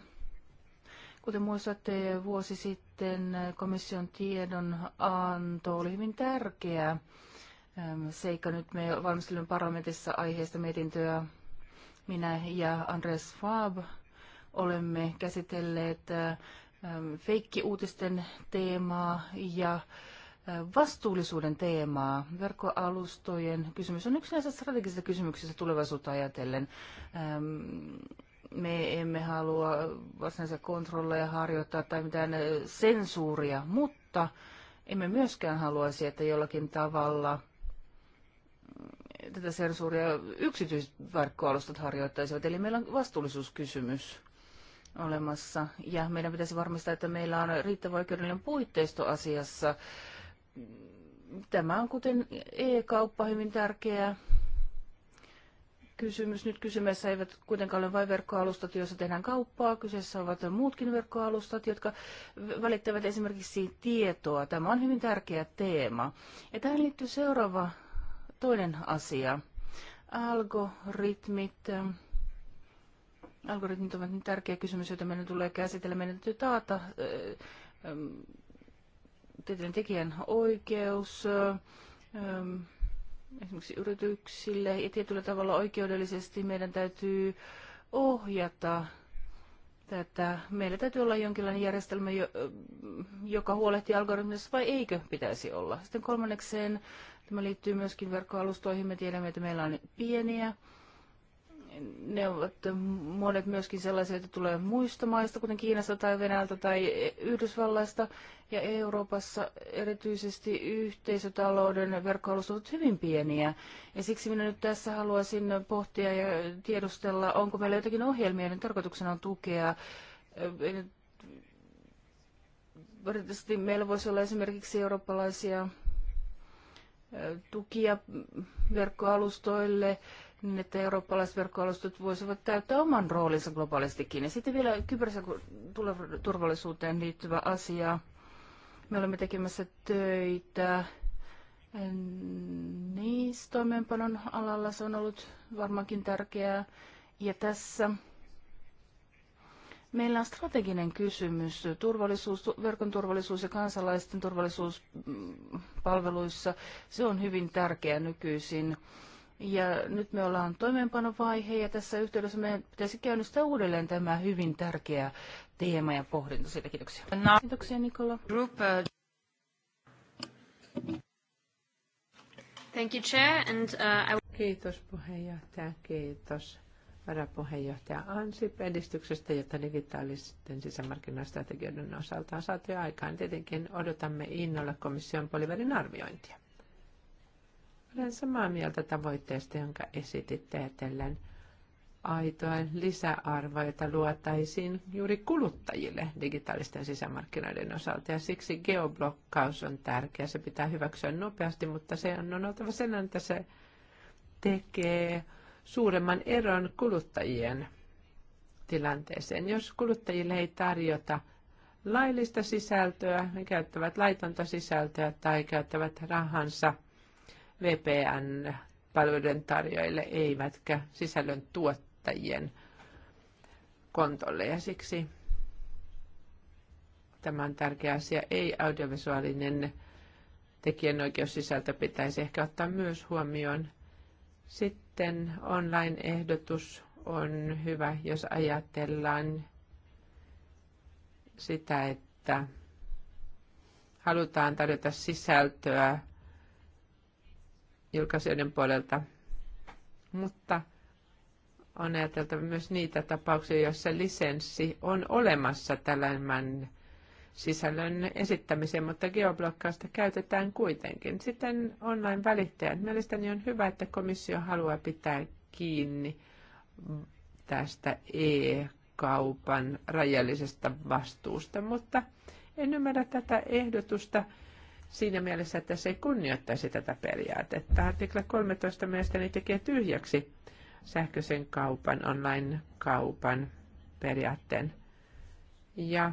Kuten muistatte, vuosi sitten komission tiedonanto oli hyvin tärkeä seikka. Nyt me valmistelemme parlamentissa aiheesta mietintöä. Minä ja Andres Fab olemme käsitelleet feikkiuutisten teemaa ja vastuullisuuden teemaa. Verkkoalustojen kysymys on yksi näistä strategisista kysymyksistä tulevaisuutta ajatellen me emme halua varsinaisia kontrolleja harjoittaa tai mitään sensuuria, mutta emme myöskään haluaisi, että jollakin tavalla tätä sensuuria yksityisverkkoalustat harjoittaisivat. Eli meillä on vastuullisuuskysymys olemassa ja meidän pitäisi varmistaa, että meillä on riittävä oikeudellinen puitteisto asiassa. Tämä on kuten e-kauppa hyvin tärkeä kysymys. Nyt kysymässä eivät kuitenkaan ole vain verkkoalustat, joissa tehdään kauppaa. Kyseessä ovat muutkin verkkoalustat, jotka välittävät esimerkiksi tietoa. Tämä on hyvin tärkeä teema. Ja tähän liittyy seuraava toinen asia. Algoritmit. Algoritmit ovat niin tärkeä kysymys, jota meidän tulee käsitellä. Meidän täytyy taata tieteen tekijän oikeus, esimerkiksi yrityksille ja tietyllä tavalla oikeudellisesti meidän täytyy ohjata tätä. Meillä täytyy olla jonkinlainen järjestelmä, joka huolehtii algoritmista vai eikö pitäisi olla. Sitten kolmannekseen tämä liittyy myöskin verkkoalustoihin. Me tiedämme, että meillä on pieniä ne ovat monet myöskin sellaisia, joita tulee muista maista, kuten Kiinasta tai Venäjältä tai Yhdysvalloista Ja Euroopassa erityisesti yhteisötalouden verkkoalus ovat hyvin pieniä. Ja siksi minä nyt tässä haluaisin pohtia ja tiedustella, onko meillä jotakin ohjelmia, joiden tarkoituksena on tukea eh, meillä voisi olla esimerkiksi eurooppalaisia eh, tukia verkkoalustoille, niin että eurooppalaiset verkkoalustat voisivat täyttää oman roolinsa globaalistikin. Ja sitten vielä kyberturvallisuuteen liittyvä asia. Me olemme tekemässä töitä niistä toimeenpanon alalla. Se on ollut varmaankin tärkeää. Ja tässä meillä on strateginen kysymys. Turvallisuus, verkon turvallisuus ja kansalaisten turvallisuuspalveluissa. Mm, se on hyvin tärkeä nykyisin. Ja nyt me ollaan toimeenpanovaihe ja tässä yhteydessä meidän pitäisi käynnistää uudelleen tämä hyvin tärkeä teema ja pohdinta siitä. Kiitoksia. No. Kiitoksia Nikola. Uh, Thank you, Chair, and, uh, I... Kiitos puheenjohtaja, kiitos varapuheenjohtaja Ansip edistyksestä, jota digitaalisten sisämarkkinastrategioiden osalta on saatu aikaan. Tietenkin odotamme innolla komission puolivälin arviointia. Olen samaa mieltä tavoitteesta, jonka esititte ajatellen aitoa lisäarvoa, jota luotaisiin juuri kuluttajille digitaalisten sisämarkkinoiden osalta. Ja siksi geoblokkaus on tärkeä. Se pitää hyväksyä nopeasti, mutta se on oltava sen että se tekee suuremman eron kuluttajien tilanteeseen. Jos kuluttajille ei tarjota laillista sisältöä, he käyttävät laitonta sisältöä tai käyttävät rahansa – VPN-palveluiden tarjoajille eivätkä sisällön tuottajien kontolle. Ja siksi tämä on tärkeä asia. Ei audiovisuaalinen tekijänoikeussisältö pitäisi ehkä ottaa myös huomioon. Sitten online-ehdotus on hyvä, jos ajatellaan sitä, että halutaan tarjota sisältöä julkaisijoiden puolelta. Mutta on ajateltava myös niitä tapauksia, joissa lisenssi on olemassa tällainen sisällön esittämiseen, mutta geoblokkausta käytetään kuitenkin. Sitten online-välittäjät. Mielestäni on hyvä, että komissio haluaa pitää kiinni tästä e-kaupan rajallisesta vastuusta, mutta en ymmärrä tätä ehdotusta siinä mielessä, että se ei kunnioittaisi tätä periaatetta. Artikla 13 mielestäni tekee tyhjäksi sähköisen kaupan, online-kaupan periaatteen. Ja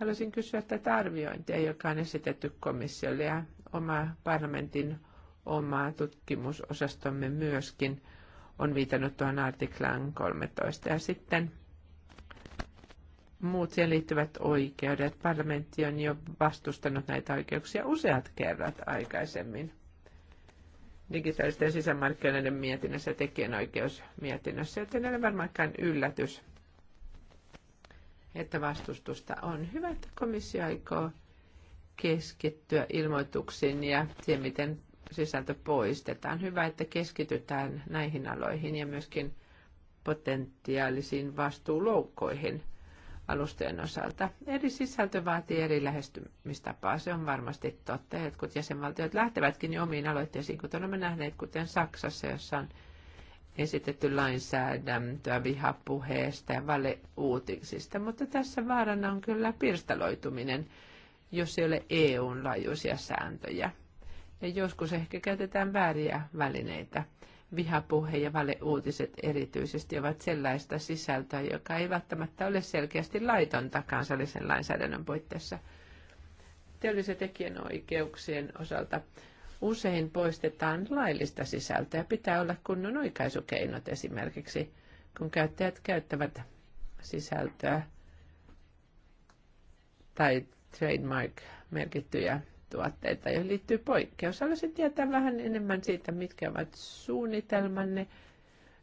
haluaisin kysyä tätä arviointia, joka on esitetty komissiolle ja oma parlamentin oma tutkimusosastomme myöskin on viitannut tuohon artiklaan 13. Ja sitten muut siihen liittyvät oikeudet. Parlamentti on jo vastustanut näitä oikeuksia useat kerrat aikaisemmin digitaalisten sisämarkkinoiden mietinnössä ja tekijänoikeusmietinnössä, joten ei ole varmaankaan yllätys, että vastustusta on. Hyvä, että komissio aikoo keskittyä ilmoituksiin ja siihen, miten sisältö poistetaan. Hyvä, että keskitytään näihin aloihin ja myöskin potentiaalisiin vastuuloukkoihin – alustojen osalta. Eri sisältö vaatii eri lähestymistapaa, se on varmasti totta. Jotkut jäsenvaltiot lähtevätkin jo omiin aloitteisiin, kuten olemme nähneet, kuten Saksassa, jossa on esitetty lainsäädäntöä vihapuheesta ja valeuutiksista, mutta tässä vaarana on kyllä pirstaloituminen, jos ei ole EUn laajuisia sääntöjä. Ja joskus ehkä käytetään vääriä välineitä vihapuhe ja valeuutiset erityisesti ovat sellaista sisältöä, joka ei välttämättä ole selkeästi laitonta kansallisen lainsäädännön puitteissa. Teollisen tekijänoikeuksien osalta usein poistetaan laillista sisältöä. Pitää olla kunnon oikaisukeinot esimerkiksi, kun käyttäjät käyttävät sisältöä tai trademark-merkittyjä tuotteita, joihin liittyy poikkeus. Haluaisin tietää vähän enemmän siitä, mitkä ovat suunnitelmanne.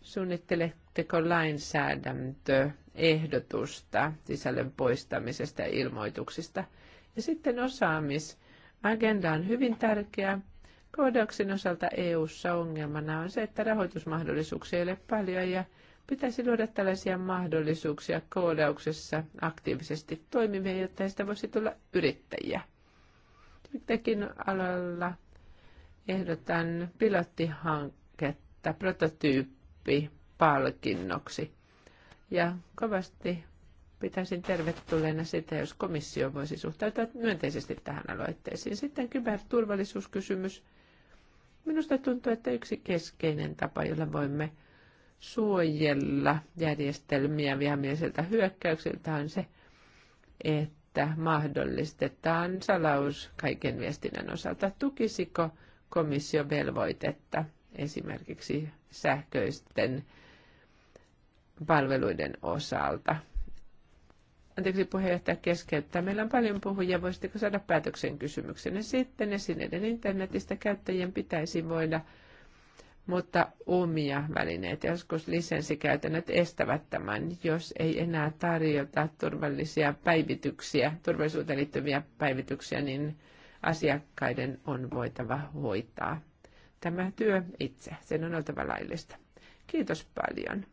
Suunnitteletteko lainsäädäntöehdotusta sisällön poistamisesta ja ilmoituksista? Ja sitten osaamisagenda on hyvin tärkeä. Koodauksen osalta EU-ssa ongelmana on se, että rahoitusmahdollisuuksia ei ole paljon ja pitäisi luoda tällaisia mahdollisuuksia koodauksessa aktiivisesti toimivia, jotta sitä voisi tulla yrittäjiä. Tekin alalla ehdotan pilottihanketta prototyyppi palkinnoksi Ja kovasti pitäisin tervetulleena sitä, jos komissio voisi suhtautua myönteisesti tähän aloitteeseen. Sitten kyberturvallisuuskysymys. Minusta tuntuu, että yksi keskeinen tapa, jolla voimme suojella järjestelmiä vihamielisiltä hyökkäyksiltä on se, että että mahdollistetaan salaus kaiken viestinnän osalta. Tukisiko komissio velvoitetta esimerkiksi sähköisten palveluiden osalta? Anteeksi puheenjohtaja keskeyttää. Meillä on paljon puhujia. Voisitteko saada päätöksen kysymyksenne Sitten esineiden internetistä käyttäjien pitäisi voida mutta omia välineitä. Joskus lisenssikäytännöt estävät tämän, jos ei enää tarjota turvallisia päivityksiä, turvallisuuteen liittyviä päivityksiä, niin asiakkaiden on voitava hoitaa tämä työ itse. Sen on oltava laillista. Kiitos paljon.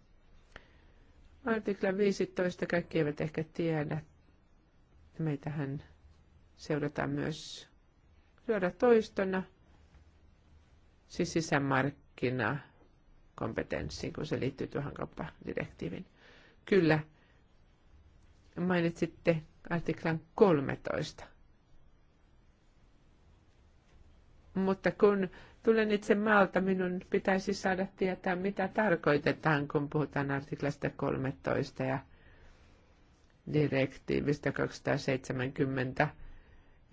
Artikla 15, kaikki eivät ehkä tiedä. Meitähän seurataan myös toistona. Siis sisämarkkinoilla markkinakompetenssiin, kun se liittyy tuohon kauppadirektiiviin. Kyllä, mainitsitte artiklan 13. Mutta kun tulen itse maalta, minun pitäisi saada tietää, mitä tarkoitetaan, kun puhutaan artiklasta 13 ja direktiivistä 270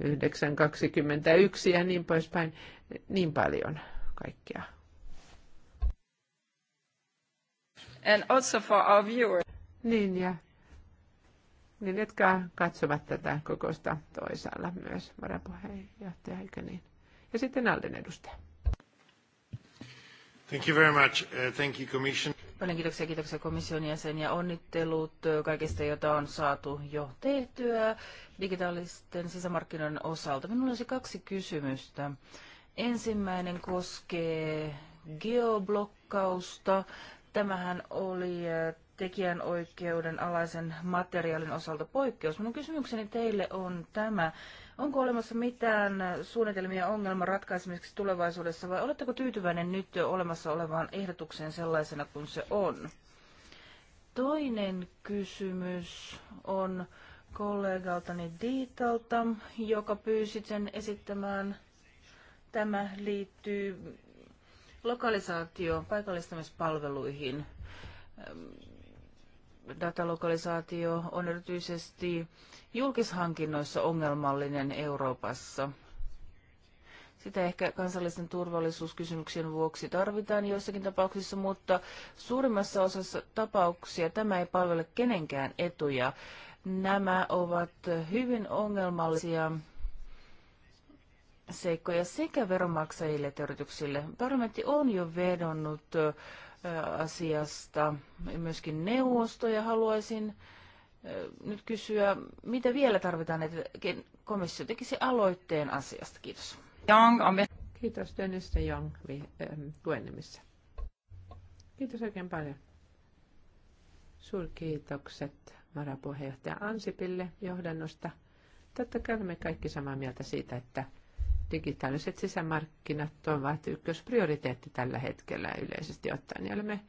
9.21 ja niin poispäin, niin paljon kaikkea. and also for our viewers. Niin ja niin, jotka katsovat tätä kokousta toisaalla myös, varapuheenjohtaja, eikö niin? Ja sitten Alden edustaja. Thank you very much. Uh, thank you, Commission. Paljon kiitoksia, kiitoksia komission jäsen ja onnittelut kaikesta, jota on saatu jo tehtyä digitaalisten sisämarkkinoiden osalta. Minulla olisi kaksi kysymystä. Ensimmäinen koskee geoblokkausta. Tämähän oli äh, tekijänoikeuden alaisen materiaalin osalta poikkeus. Minun kysymykseni teille on tämä. Onko olemassa mitään suunnitelmia ongelman ratkaisemiseksi tulevaisuudessa vai oletteko tyytyväinen nyt jo olemassa olevaan ehdotukseen sellaisena kuin se on? Toinen kysymys on kollegaltani Diitalta, joka pyysi sen esittämään. Tämä liittyy lokalisaatioon, paikallistamispalveluihin. Datalokalisaatio on erityisesti julkishankinnoissa ongelmallinen Euroopassa. Sitä ehkä kansallisten turvallisuuskysymyksien vuoksi tarvitaan joissakin tapauksissa, mutta suurimmassa osassa tapauksia tämä ei palvele kenenkään etuja. Nämä ovat hyvin ongelmallisia seikkoja sekä veronmaksajille että yrityksille. Parlamentti on jo vedonnut asiasta myöskin neuvostoja. Haluaisin nyt kysyä, mitä vielä tarvitaan, että komissio tekisi aloitteen asiasta. Kiitos. Young, Kiitos Dennis de Jong Guennemissä. Ähm, Kiitos oikein paljon. Suurkiitokset varapuheenjohtaja Ansipille johdannosta. Totta kai me kaikki samaa mieltä siitä, että digitaaliset sisämarkkinat ovat ykkösprioriteetti tällä hetkellä yleisesti ottaen. Ja olemme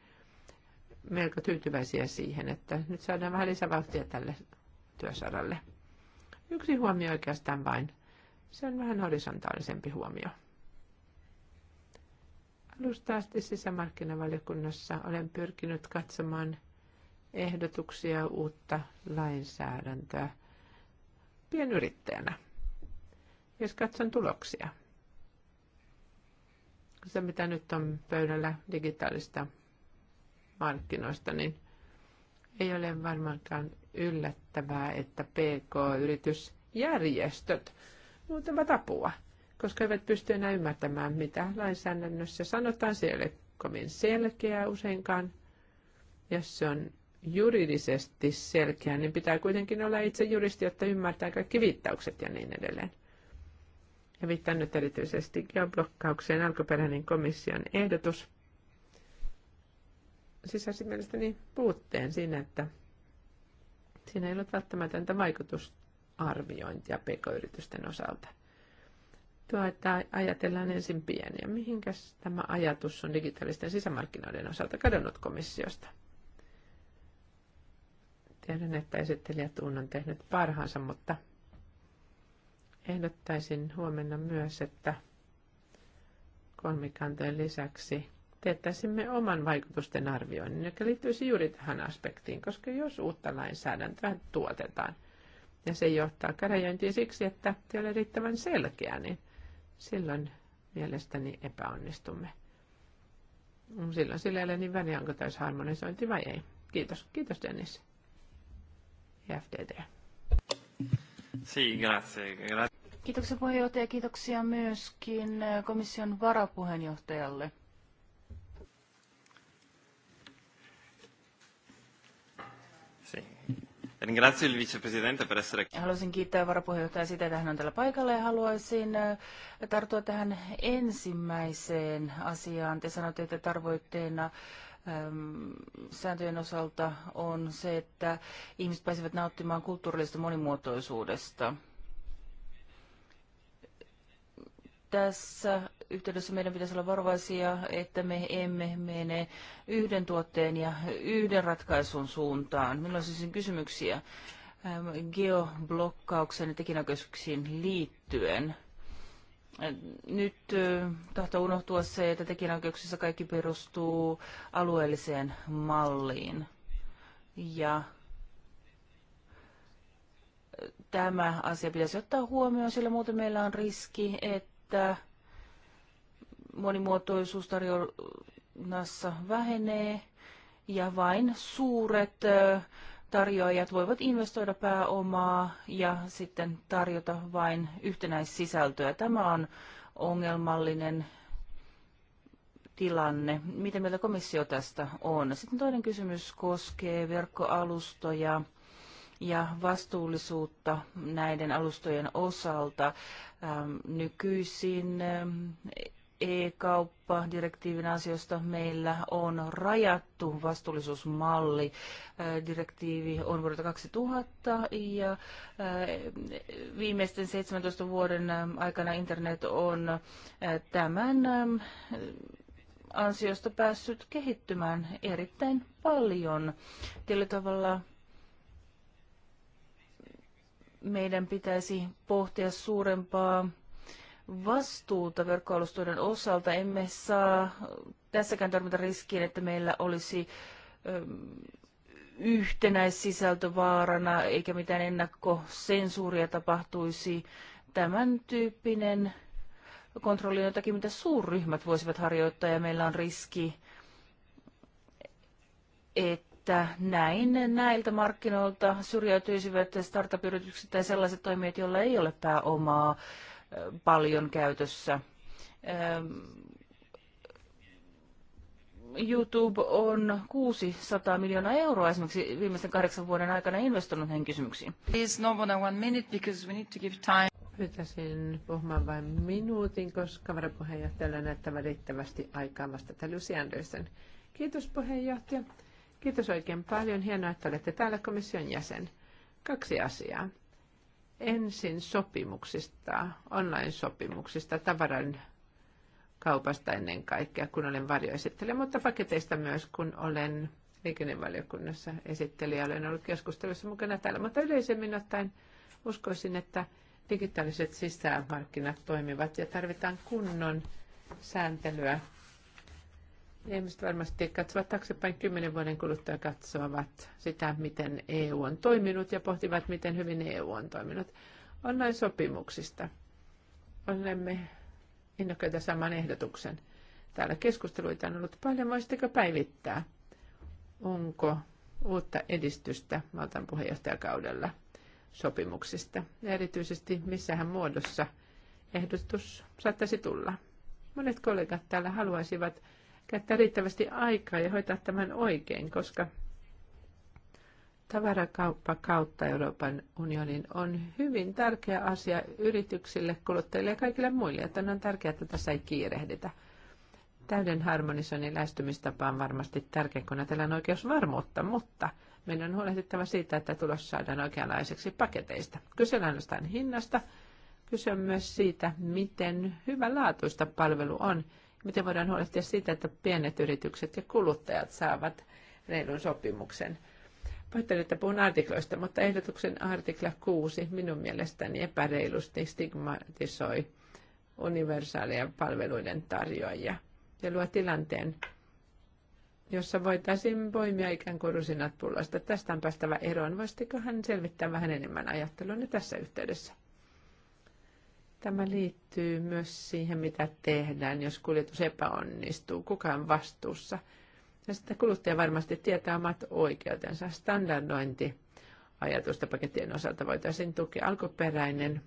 melko tyytyväisiä siihen, että nyt saadaan vähän lisävauhtia tälle työsaralle. Yksi huomio oikeastaan vain. Se on vähän horisontaalisempi huomio. Alusta asti sisämarkkinavaliokunnassa olen pyrkinyt katsomaan ehdotuksia uutta lainsäädäntöä pienyrittäjänä – jos katson tuloksia, se mitä nyt on pöydällä digitaalista markkinoista, niin ei ole varmaankaan yllättävää, että PK-yritysjärjestöt muutamat apua, koska eivät pysty enää ymmärtämään, mitä lainsäädännössä sanotaan. Se ei ole kovin selkeää useinkaan. Jos se on juridisesti selkeä, niin pitää kuitenkin olla itse juristi, jotta ymmärtää kaikki viittaukset ja niin edelleen. Ja viittaan nyt erityisesti geoblokkaukseen alkuperäinen komission ehdotus sisälsi mielestäni puutteen siinä, että siinä ei ollut välttämätöntä vaikutusarviointia pk-yritysten osalta. Tuo, että ajatellaan ensin pieniä. Mihinkäs tämä ajatus on digitaalisten sisämarkkinoiden osalta kadonnut komissiosta? Tiedän, että esittelijä on tehnyt parhaansa, mutta – Ehdottaisin huomenna myös, että kolmikanteen lisäksi teettäisimme oman vaikutusten arvioinnin, joka liittyisi juuri tähän aspektiin, koska jos uutta lainsäädäntöä tuotetaan ja se johtaa käräjöintiin siksi, että ei ole riittävän selkeä, niin silloin mielestäni epäonnistumme. Silloin sillä ei ole niin väliä, onko täys harmonisointi vai ei. Kiitos. Kiitos Dennis. FDD. Sì, grazie. Kiitoksia puheenjohtaja, kiitoksia myöskin äh, komission varapuheenjohtajalle. E haluaisin kiittää varapuheenjohtajaa sitä, että hän on täällä paikalla ja haluaisin äh, tarttua tähän ensimmäiseen asiaan. Te sanoitte, että tarvoitteena ähm, sääntöjen osalta on se, että ihmiset pääsevät nauttimaan kulttuurillisesta monimuotoisuudesta. tässä yhteydessä meidän pitäisi olla varovaisia, että me emme mene yhden tuotteen ja yhden ratkaisun suuntaan. Minulla siis kysymyksiä ähm, geoblokkauksen ja tekinäköisyyksiin liittyen. Äh, nyt äh, tahtoo unohtua se, että tekijänoikeuksissa kaikki perustuu alueelliseen malliin. Ja äh, tämä asia pitäisi ottaa huomioon, sillä muuten meillä on riski, että että monimuotoisuus tarjonnassa vähenee ja vain suuret tarjoajat voivat investoida pääomaa ja sitten tarjota vain yhtenäissisältöä. Tämä on ongelmallinen tilanne. Miten meillä komissio tästä on? Sitten toinen kysymys koskee verkkoalustoja ja vastuullisuutta näiden alustojen osalta. Ähm, nykyisin ähm, e-kauppadirektiivin ansiosta meillä on rajattu vastuullisuusmalli. Äh, direktiivi on vuodelta 2000 ja äh, viimeisten 17 vuoden ähm, aikana internet on äh, tämän ansiosta päässyt kehittymään erittäin paljon. Tällä tavalla meidän pitäisi pohtia suurempaa vastuuta verkkoalustoiden osalta. Emme saa tässäkään tarvita riskiin, että meillä olisi vaarana eikä mitään ennakkosensuuria tapahtuisi. Tämän tyyppinen kontrolli on jotakin, mitä suurryhmät voisivat harjoittaa ja meillä on riski, että että näin näiltä markkinoilta syrjäytyisivät startup-yritykset tai sellaiset toimijat, joilla ei ole pääomaa paljon käytössä. YouTube on 600 miljoonaa euroa esimerkiksi viimeisten kahdeksan vuoden aikana investoinut näihin kysymyksiin. Please, no more one minute because we need to give time. Pyytäisin puhumaan vain minuutin, koska varapuheenjohtajalla näyttää riittävästi aikaa vastata Lucy Anderson. Kiitos puheenjohtaja. Kiitos oikein paljon. Hienoa, että olette täällä komission jäsen. Kaksi asiaa. Ensin sopimuksista, online-sopimuksista, tavaran kaupasta ennen kaikkea, kun olen varjoesittelijä, mutta paketeista myös, kun olen liikennevaliokunnassa esittelijä, olen ollut keskustelussa mukana täällä. Mutta yleisemmin ottaen uskoisin, että digitaaliset sisämarkkinat toimivat ja tarvitaan kunnon sääntelyä Ihmiset varmasti katsovat taaksepäin kymmenen vuoden kuluttua katsovat sitä, miten EU on toiminut ja pohtivat, miten hyvin EU on toiminut. On näin sopimuksista. Olemme innokkaita saman ehdotuksen. Täällä keskusteluita on ollut paljon. Voisitteko päivittää? Onko uutta edistystä valtan puheenjohtajakaudella sopimuksista? Ja erityisesti missähän muodossa ehdotus saattaisi tulla? Monet kollegat täällä haluaisivat käyttää riittävästi aikaa ja hoitaa tämän oikein, koska tavarakauppa kautta Euroopan unionin on hyvin tärkeä asia yrityksille, kuluttajille ja kaikille muille, joten on tärkeää, että tässä ei kiirehditä. Täyden harmonisoinnin lähestymistapa on varmasti tärkeä, kun ajatellaan oikeusvarmuutta, mutta meidän on huolehdittava siitä, että tulos saadaan oikeanlaiseksi paketeista. Kyse on ainoastaan hinnasta, kyse on myös siitä, miten hyvälaatuista palvelu on Miten voidaan huolehtia siitä, että pienet yritykset ja kuluttajat saavat reilun sopimuksen? Pahoittelen, että puhun artikloista, mutta ehdotuksen artikla 6 minun mielestäni epäreilusti stigmatisoi universaaleja palveluiden tarjoajia ja luo tilanteen, jossa voitaisiin poimia ikään kuin rusinat pullasta. Tästä on päästävä eroon. hän selvittää vähän enemmän ajattelunne tässä yhteydessä? Tämä liittyy myös siihen, mitä tehdään, jos kuljetus epäonnistuu, kuka on vastuussa. Ja sitten kuluttaja varmasti tietää omat oikeutensa. Standardointi ajatusta pakettien osalta voitaisiin tukea. Alkuperäinen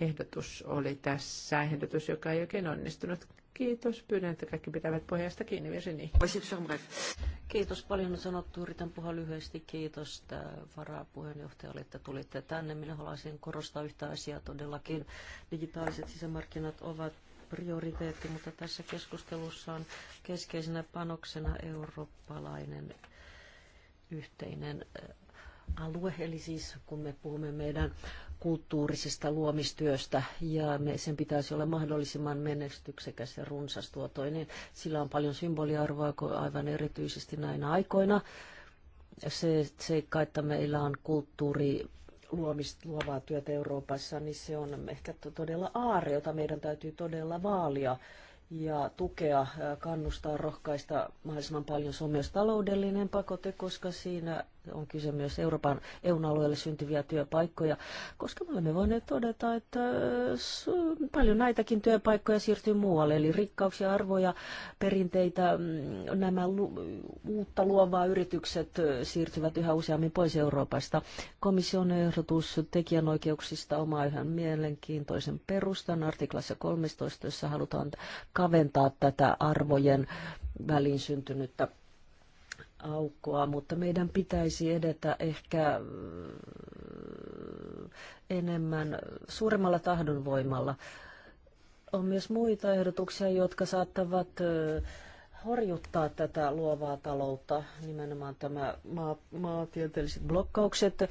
ehdotus oli tässä ehdotus, joka ei oikein onnistunut. Kiitos. Pyydän, että kaikki pitävät puheesta kiinni, Virginie. Kiitos paljon sanottu. Yritän puhua lyhyesti. Kiitos varapuheenjohtajalle, että tulitte tänne. Minä haluaisin korostaa yhtä asiaa todellakin. Digitaaliset sisämarkkinat ovat prioriteetti, mutta tässä keskustelussa on keskeisenä panoksena eurooppalainen yhteinen alue, eli siis kun me puhumme meidän kulttuurisesta luomistyöstä ja me, sen pitäisi olla mahdollisimman menestyksekäs ja runsastuotoinen. Sillä on paljon symboliarvoa aivan erityisesti näinä aikoina. Se seikka, että meillä on kulttuuri luomista, luovaa työtä Euroopassa, niin se on ehkä todella aare, jota meidän täytyy todella vaalia ja tukea, äh, kannustaa, rohkaista mahdollisimman paljon. Se on myös taloudellinen pakote, koska siinä on kyse myös Euroopan EUn alueelle syntyviä työpaikkoja, koska me olemme voineet todeta, että äh, paljon näitäkin työpaikkoja siirtyy muualle, eli rikkauksia, arvoja, perinteitä, mm, nämä uutta luovaa yritykset äh, siirtyvät yhä useammin pois Euroopasta. Komission ehdotus tekijänoikeuksista omaa yhä mielenkiintoisen perustan artiklassa 13, jossa halutaan kaventaa tätä arvojen väliin syntynyttä aukkoa, mutta meidän pitäisi edetä ehkä äh, enemmän suuremmalla tahdonvoimalla. On myös muita ehdotuksia, jotka saattavat äh, horjuttaa tätä luovaa taloutta, nimenomaan tämä maa, maatieteelliset blokkaukset. Äh,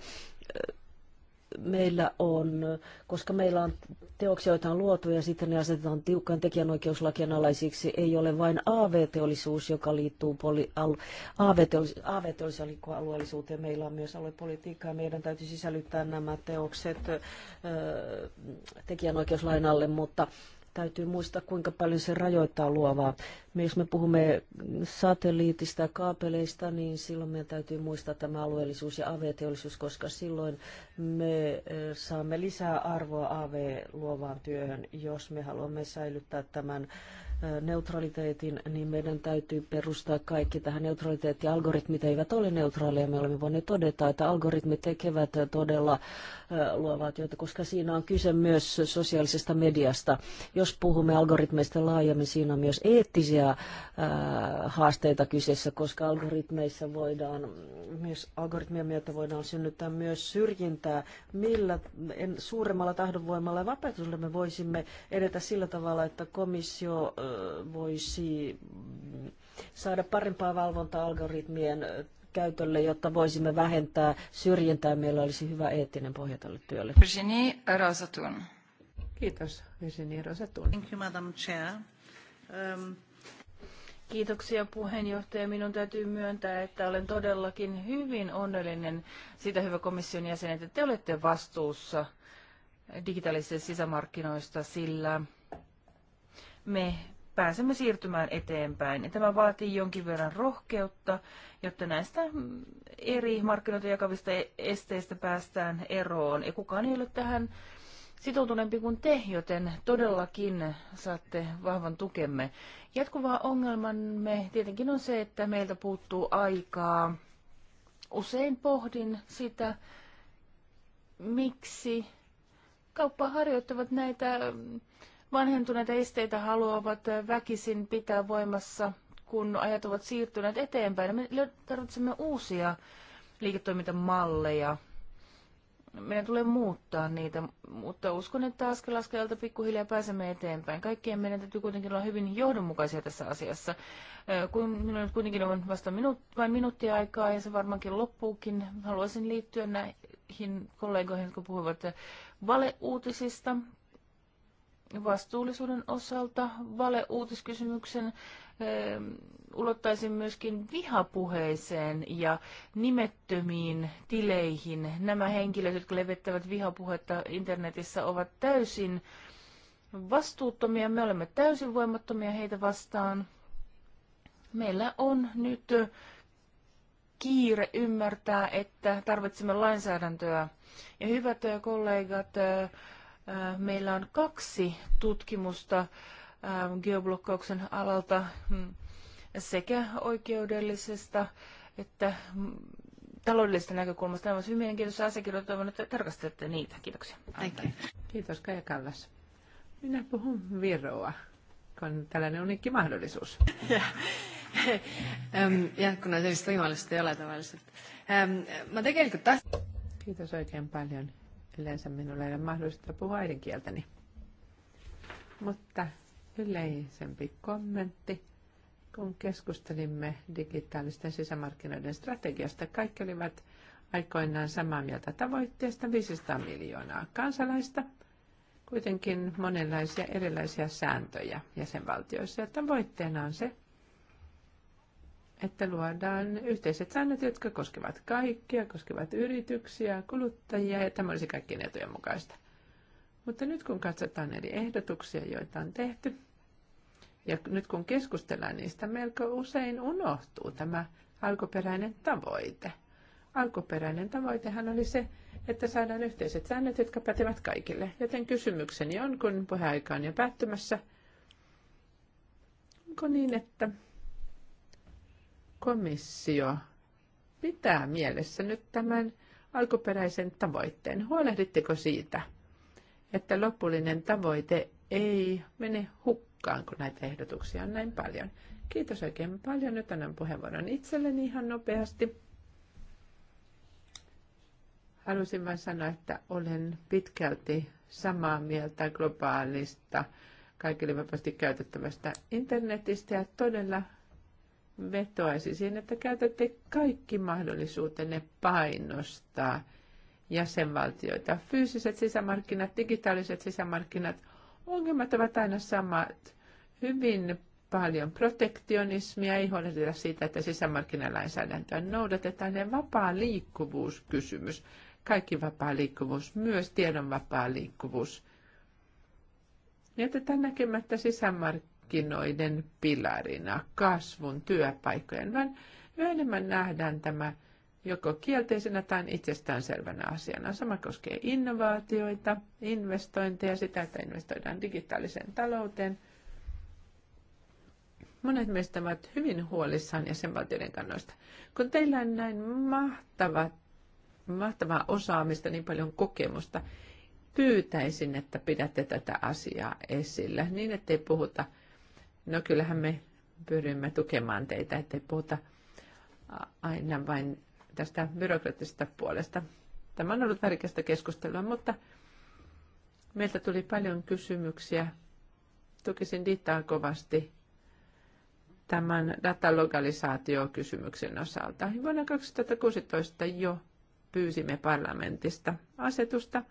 meillä on, koska meillä on teoksia, joita on luotu ja sitten ne asetetaan tiukkaan tekijänoikeuslakien alaisiksi. Ei ole vain AV-teollisuus, joka liittyy poli- al- AV-teollisuusalueellisuuteen. Meillä on myös aluepolitiikka ja meidän täytyy sisällyttää nämä teokset ö, tekijänoikeuslain alle, mutta täytyy muistaa, kuinka paljon se rajoittaa luovaa. Me, jos me puhumme satelliitista ja kaapeleista, niin silloin meidän täytyy muistaa tämä alueellisuus ja AV-teollisuus, koska silloin me eh, saamme lisää arvoa AV-luovaan työhön, jos me haluamme säilyttää tämän neutraliteetin, niin meidän täytyy perustaa kaikki tähän neutraliteetti. Algoritmit eivät ole neutraaleja. Me olemme voineet todeta, että algoritmit tekevät todella luovaa työtä, koska siinä on kyse myös sosiaalisesta mediasta. Jos puhumme algoritmeista laajemmin, siinä on myös eettisiä haasteita kyseessä, koska algoritmeissa voidaan, myös algoritmien myötä voidaan synnyttää myös syrjintää, millä suuremmalla tahdonvoimalla ja vapautuksella me voisimme edetä sillä tavalla, että komissio voisi saada parempaa valvontaa algoritmien käytölle, jotta voisimme vähentää syrjintää. Meillä olisi hyvä eettinen pohja tälle työlle. Virginie Rosatun. Kiitos, Virginie Rosatun. Thank you, Madam Chair. Um... Kiitoksia puheenjohtaja. Minun täytyy myöntää, että olen todellakin hyvin onnellinen siitä, hyvä komission jäsen, että te olette vastuussa digitaalisista sisämarkkinoista, sillä me pääsemme siirtymään eteenpäin. Tämä vaatii jonkin verran rohkeutta, jotta näistä eri markkinoita jakavista esteistä päästään eroon. Ja kukaan ei ole tähän sitoutuneempi kuin te, joten todellakin saatte vahvan tukemme. Jatkuva ongelmamme tietenkin on se, että meiltä puuttuu aikaa. Usein pohdin sitä, miksi kauppaa harjoittavat näitä vanhentuneita esteitä haluavat väkisin pitää voimassa, kun ajat ovat siirtyneet eteenpäin. Me tarvitsemme uusia liiketoimintamalleja. Meidän tulee muuttaa niitä, mutta uskon, että askel askeleelta pikkuhiljaa pääsemme eteenpäin. Kaikkien meidän täytyy kuitenkin olla hyvin johdonmukaisia tässä asiassa. Kun minulla nyt kuitenkin on vasta minuut, vain minuuttia aikaa ja se varmaankin loppuukin, haluaisin liittyä näihin kollegoihin, jotka puhuvat valeuutisista vastuullisuuden osalta valeuutiskysymyksen eh, ulottaisin myöskin vihapuheeseen ja nimettömiin tileihin. Nämä henkilöt, jotka levittävät vihapuhetta internetissä, ovat täysin vastuuttomia. Me olemme täysin voimattomia heitä vastaan. Meillä on nyt kiire ymmärtää, että tarvitsemme lainsäädäntöä. Ja hyvät kollegat, Äh, meillä on kaksi tutkimusta äh, geoblokkauksen alalta mm, sekä oikeudellisesta että mm, taloudellisesta näkökulmasta. Tämä on hyvin mielenkiintoista asiakirjoja. Toivon, että tarkastelette niitä. Kiitoksia. Okay. Kiitos Kaija Kallas. Minä puhun Viroa, kun on tällainen uniikki mahdollisuus. <laughs> ja kun on tietysti ole tavalliselt. Ma tegelikult tahtsin... Kiitos oikein paljon. Yleensä minulla ei ole mahdollista puhua äidinkieltäni. Mutta yleisempi kommentti. Kun keskustelimme digitaalisten sisämarkkinoiden strategiasta, kaikki olivat aikoinaan samaa mieltä tavoitteesta 500 miljoonaa kansalaista, kuitenkin monenlaisia erilaisia sääntöjä jäsenvaltioissa. Ja tavoitteena on se, että luodaan yhteiset säännöt, jotka koskevat kaikkia, koskevat yrityksiä, kuluttajia, ja tämä olisi kaikkien etujen mukaista. Mutta nyt kun katsotaan eri ehdotuksia, joita on tehty, ja nyt kun keskustellaan niistä, melko usein unohtuu tämä alkuperäinen tavoite. Alkuperäinen tavoitehan oli se, että saadaan yhteiset säännöt, jotka pätevät kaikille. Joten kysymykseni on, kun puheaika on jo päättymässä, onko niin, että komissio pitää mielessä nyt tämän alkuperäisen tavoitteen? Huolehditteko siitä, että lopullinen tavoite ei mene hukkaan, kun näitä ehdotuksia on näin paljon? Kiitos oikein paljon. Nyt annan puheenvuoron itselleni ihan nopeasti. Halusin vain sanoa, että olen pitkälti samaa mieltä globaalista, kaikille vapaasti käytettävästä internetistä ja todella vetoaisi siihen, että käytätte kaikki mahdollisuutenne painostaa jäsenvaltioita. Fyysiset sisämarkkinat, digitaaliset sisämarkkinat, ongelmat ovat aina samat. Hyvin paljon protektionismia, ei huolehdita siitä, että sisämarkkinalainsäädäntöä noudatetaan. Ja vapaa liikkuvuuskysymys, kaikki vapaa liikkuvuus, myös tiedon vapaa liikkuvuus. Jätetään niin, näkemättä sisämarkkinat markkinoiden pilarina, kasvun, työpaikkojen, vaan yhä enemmän nähdään tämä joko kielteisenä tai itsestäänselvänä asiana. Sama koskee innovaatioita, investointeja, sitä, että investoidaan digitaaliseen talouteen. Monet meistä ovat hyvin huolissaan jäsenvaltioiden kannoista. Kun teillä on näin mahtava, mahtavaa osaamista, niin paljon kokemusta, pyytäisin, että pidätte tätä asiaa esillä niin, ettei puhuta – No kyllähän me pyrimme tukemaan teitä, ettei puhuta aina vain tästä byrokraattisesta puolesta. Tämä on ollut värikästä keskustelua, mutta meiltä tuli paljon kysymyksiä. Tukisin Dittaa kovasti tämän datalokalisaatiokysymyksen osalta. Vuonna 2016 jo pyysimme parlamentista asetusta,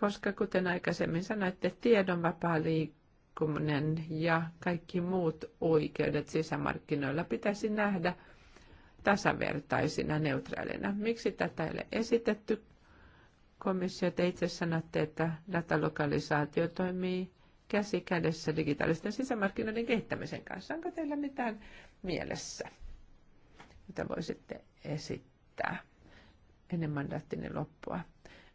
koska kuten aikaisemmin sanoitte, tiedon vapaa liikkuvuus liikkuminen ja kaikki muut oikeudet sisämarkkinoilla pitäisi nähdä tasavertaisina, neutraalina. Miksi tätä ei ole esitetty? Komissio, te itse sanotte, että datalokalisaatio toimii käsi kädessä digitaalisten sisämarkkinoiden kehittämisen kanssa. Onko teillä mitään mielessä, mitä voisitte esittää ennen mandaattinen loppua?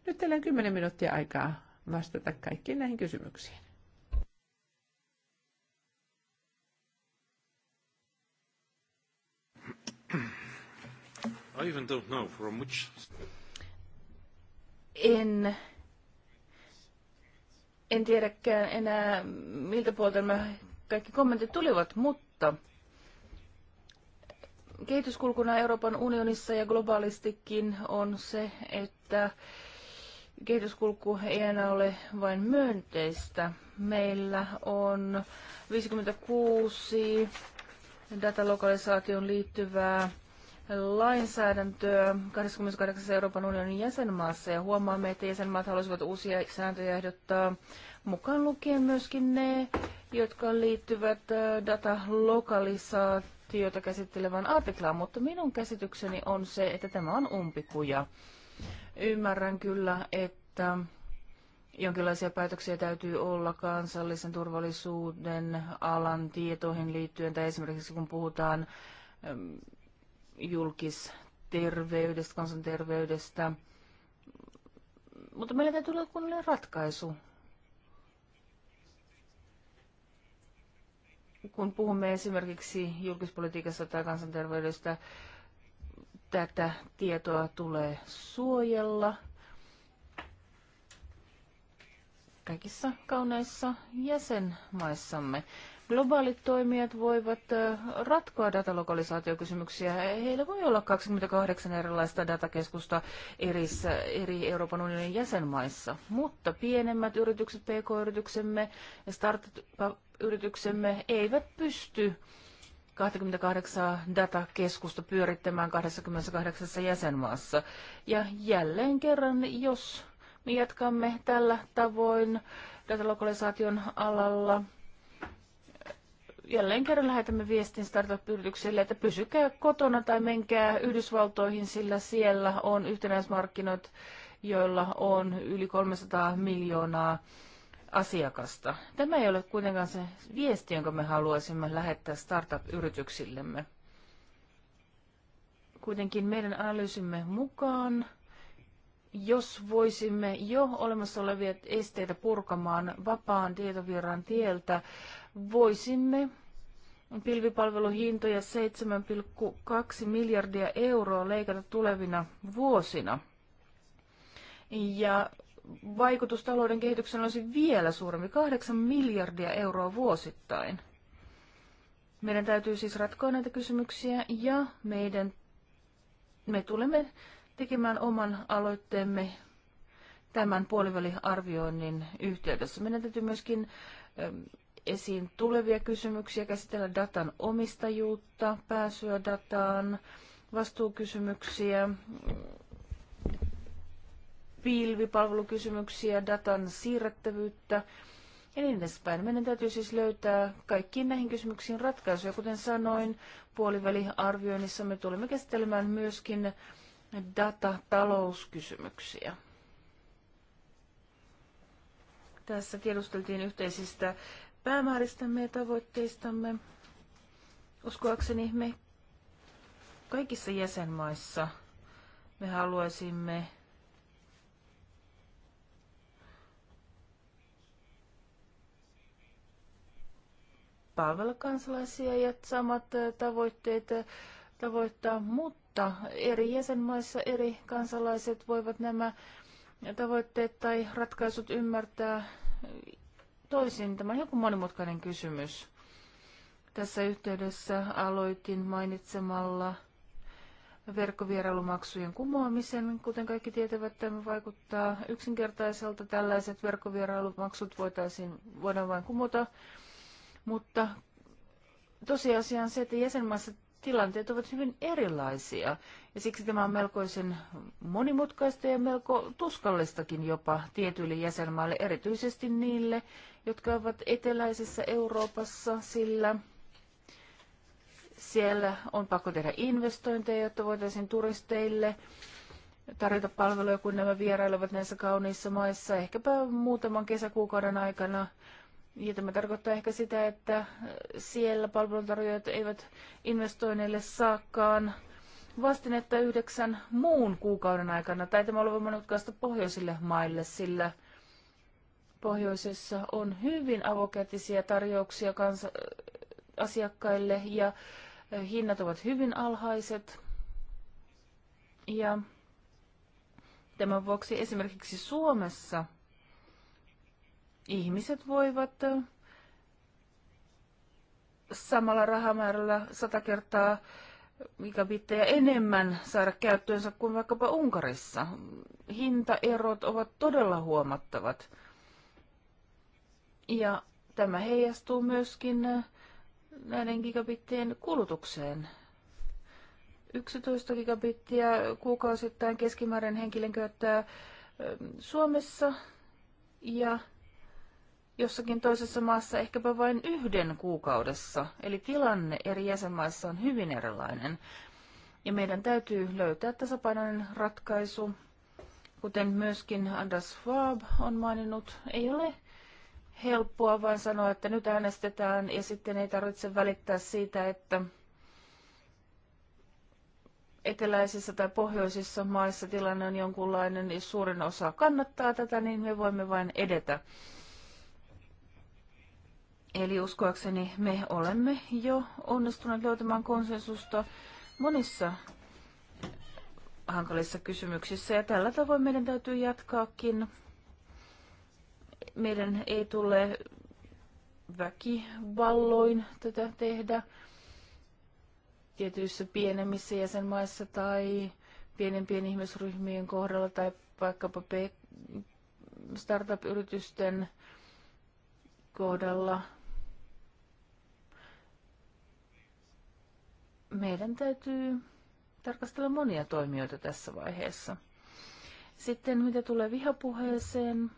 Nyt teillä on 10 minuuttia aikaa vastata kaikkiin näihin kysymyksiin. I even don't know from which... En, en tiedäkään enää, miltä puolta nämä kaikki kommentit tulivat, mutta kehityskulkuna Euroopan unionissa ja globaalistikin on se, että kehityskulku ei enää ole vain myönteistä. Meillä on 56 datalokalisaation liittyvää lainsäädäntöä 28 Euroopan unionin jäsenmaassa ja huomaamme, että jäsenmaat haluaisivat uusia sääntöjä ehdottaa mukaan lukien myöskin ne, jotka liittyvät äh, datalokalisaatiota käsittelevään artiklaan, mutta minun käsitykseni on se, että tämä on umpikuja. Ymmärrän kyllä, että jonkinlaisia päätöksiä täytyy olla kansallisen turvallisuuden alan tietoihin liittyen, tai esimerkiksi kun puhutaan julkisterveydestä, kansanterveydestä. Mutta meillä täytyy olla kunnollinen ratkaisu. Kun puhumme esimerkiksi julkispolitiikasta tai kansanterveydestä, tätä tietoa tulee suojella – kaikissa kauneissa jäsenmaissamme. Globaalit toimijat voivat ratkoa datalokalisaatiokysymyksiä. Heillä voi olla 28 erilaista datakeskusta eri, eri Euroopan unionin jäsenmaissa, mutta pienemmät yritykset, pk-yrityksemme ja startup-yrityksemme eivät pysty 28 datakeskusta pyörittämään 28 jäsenmaassa. Ja jälleen kerran, jos me jatkamme tällä tavoin datalokalisaation alalla. Jälleen kerran lähetämme viestin startup-yrityksille, että pysykää kotona tai menkää Yhdysvaltoihin, sillä siellä on yhtenäismarkkinat, joilla on yli 300 miljoonaa asiakasta. Tämä ei ole kuitenkaan se viesti, jonka me haluaisimme lähettää startup-yrityksillemme. Kuitenkin meidän analyysimme mukaan jos voisimme jo olemassa olevia esteitä purkamaan vapaan tietovirran tieltä, voisimme pilvipalveluhintoja 7,2 miljardia euroa leikata tulevina vuosina. Ja vaikutus talouden olisi vielä suurempi, 8 miljardia euroa vuosittain. Meidän täytyy siis ratkoa näitä kysymyksiä ja meidän, me tulemme tekemään oman aloitteemme tämän puoliväliarvioinnin yhteydessä. Meidän täytyy myöskin ähm, esiin tulevia kysymyksiä, käsitellä datan omistajuutta, pääsyä dataan, vastuukysymyksiä, pilvipalvelukysymyksiä, datan siirrettävyyttä ja niin edespäin. Meidän täytyy siis löytää kaikkiin näihin kysymyksiin ratkaisuja. Kuten sanoin, puoliväliarvioinnissa me tulemme käsittelemään myöskin datatalouskysymyksiä. Tässä tiedusteltiin yhteisistä päämääristämme ja tavoitteistamme. Uskoakseni me kaikissa jäsenmaissa me haluaisimme palvella kansalaisia ja samat tavoitteet tavoittaa, mutta mutta eri jäsenmaissa eri kansalaiset voivat nämä tavoitteet tai ratkaisut ymmärtää toisin. Tämä on joku monimutkainen kysymys. Tässä yhteydessä aloitin mainitsemalla verkkovierailumaksujen kumoamisen. Kuten kaikki tietävät, tämä vaikuttaa yksinkertaiselta. Tällaiset verkkovierailumaksut voitaisiin, voidaan vain kumota, mutta tosiasia on se, että jäsenmaissa tilanteet ovat hyvin erilaisia. Ja siksi tämä on melkoisen monimutkaista ja melko tuskallistakin jopa tietyille jäsenmaille, erityisesti niille, jotka ovat eteläisessä Euroopassa, sillä siellä on pakko tehdä investointeja, jotta voitaisiin turisteille tarjota palveluja, kun nämä vierailevat näissä kauniissa maissa. Ehkäpä muutaman kesäkuukauden aikana ja tämä tarkoittaa ehkä sitä, että siellä palveluntarjoajat eivät investoinneille saakaan vastinetta yhdeksän muun kuukauden aikana. Tai tämä oli monimutkaista pohjoisille maille, sillä pohjoisessa on hyvin avokätisiä tarjouksia kans- asiakkaille ja hinnat ovat hyvin alhaiset. Ja tämän vuoksi esimerkiksi Suomessa – ihmiset voivat samalla rahamäärällä sata kertaa gigabittejä enemmän saada käyttöönsä kuin vaikkapa Unkarissa. Hintaerot ovat todella huomattavat. Ja tämä heijastuu myöskin näiden gigabittien kulutukseen. 11 gigabittiä kuukausittain keskimäärin henkilön käyttää Suomessa ja jossakin toisessa maassa ehkäpä vain yhden kuukaudessa. Eli tilanne eri jäsenmaissa on hyvin erilainen. Ja meidän täytyy löytää tasapainoinen ratkaisu. Kuten myöskin Anders Schwab on maininnut, ei ole helppoa vaan sanoa, että nyt äänestetään ja sitten ei tarvitse välittää siitä, että eteläisissä tai pohjoisissa maissa tilanne on jonkunlainen ja suurin osa kannattaa tätä, niin me voimme vain edetä. Eli uskoakseni me olemme jo onnistuneet löytämään konsensusta monissa hankalissa kysymyksissä ja tällä tavoin meidän täytyy jatkaakin. Meidän ei tule väkivalloin tätä tehdä tietyissä pienemmissä jäsenmaissa tai pienempien ihmisryhmien kohdalla tai vaikkapa startup-yritysten kohdalla – meidän täytyy tarkastella monia toimijoita tässä vaiheessa. Sitten mitä tulee vihapuheeseen,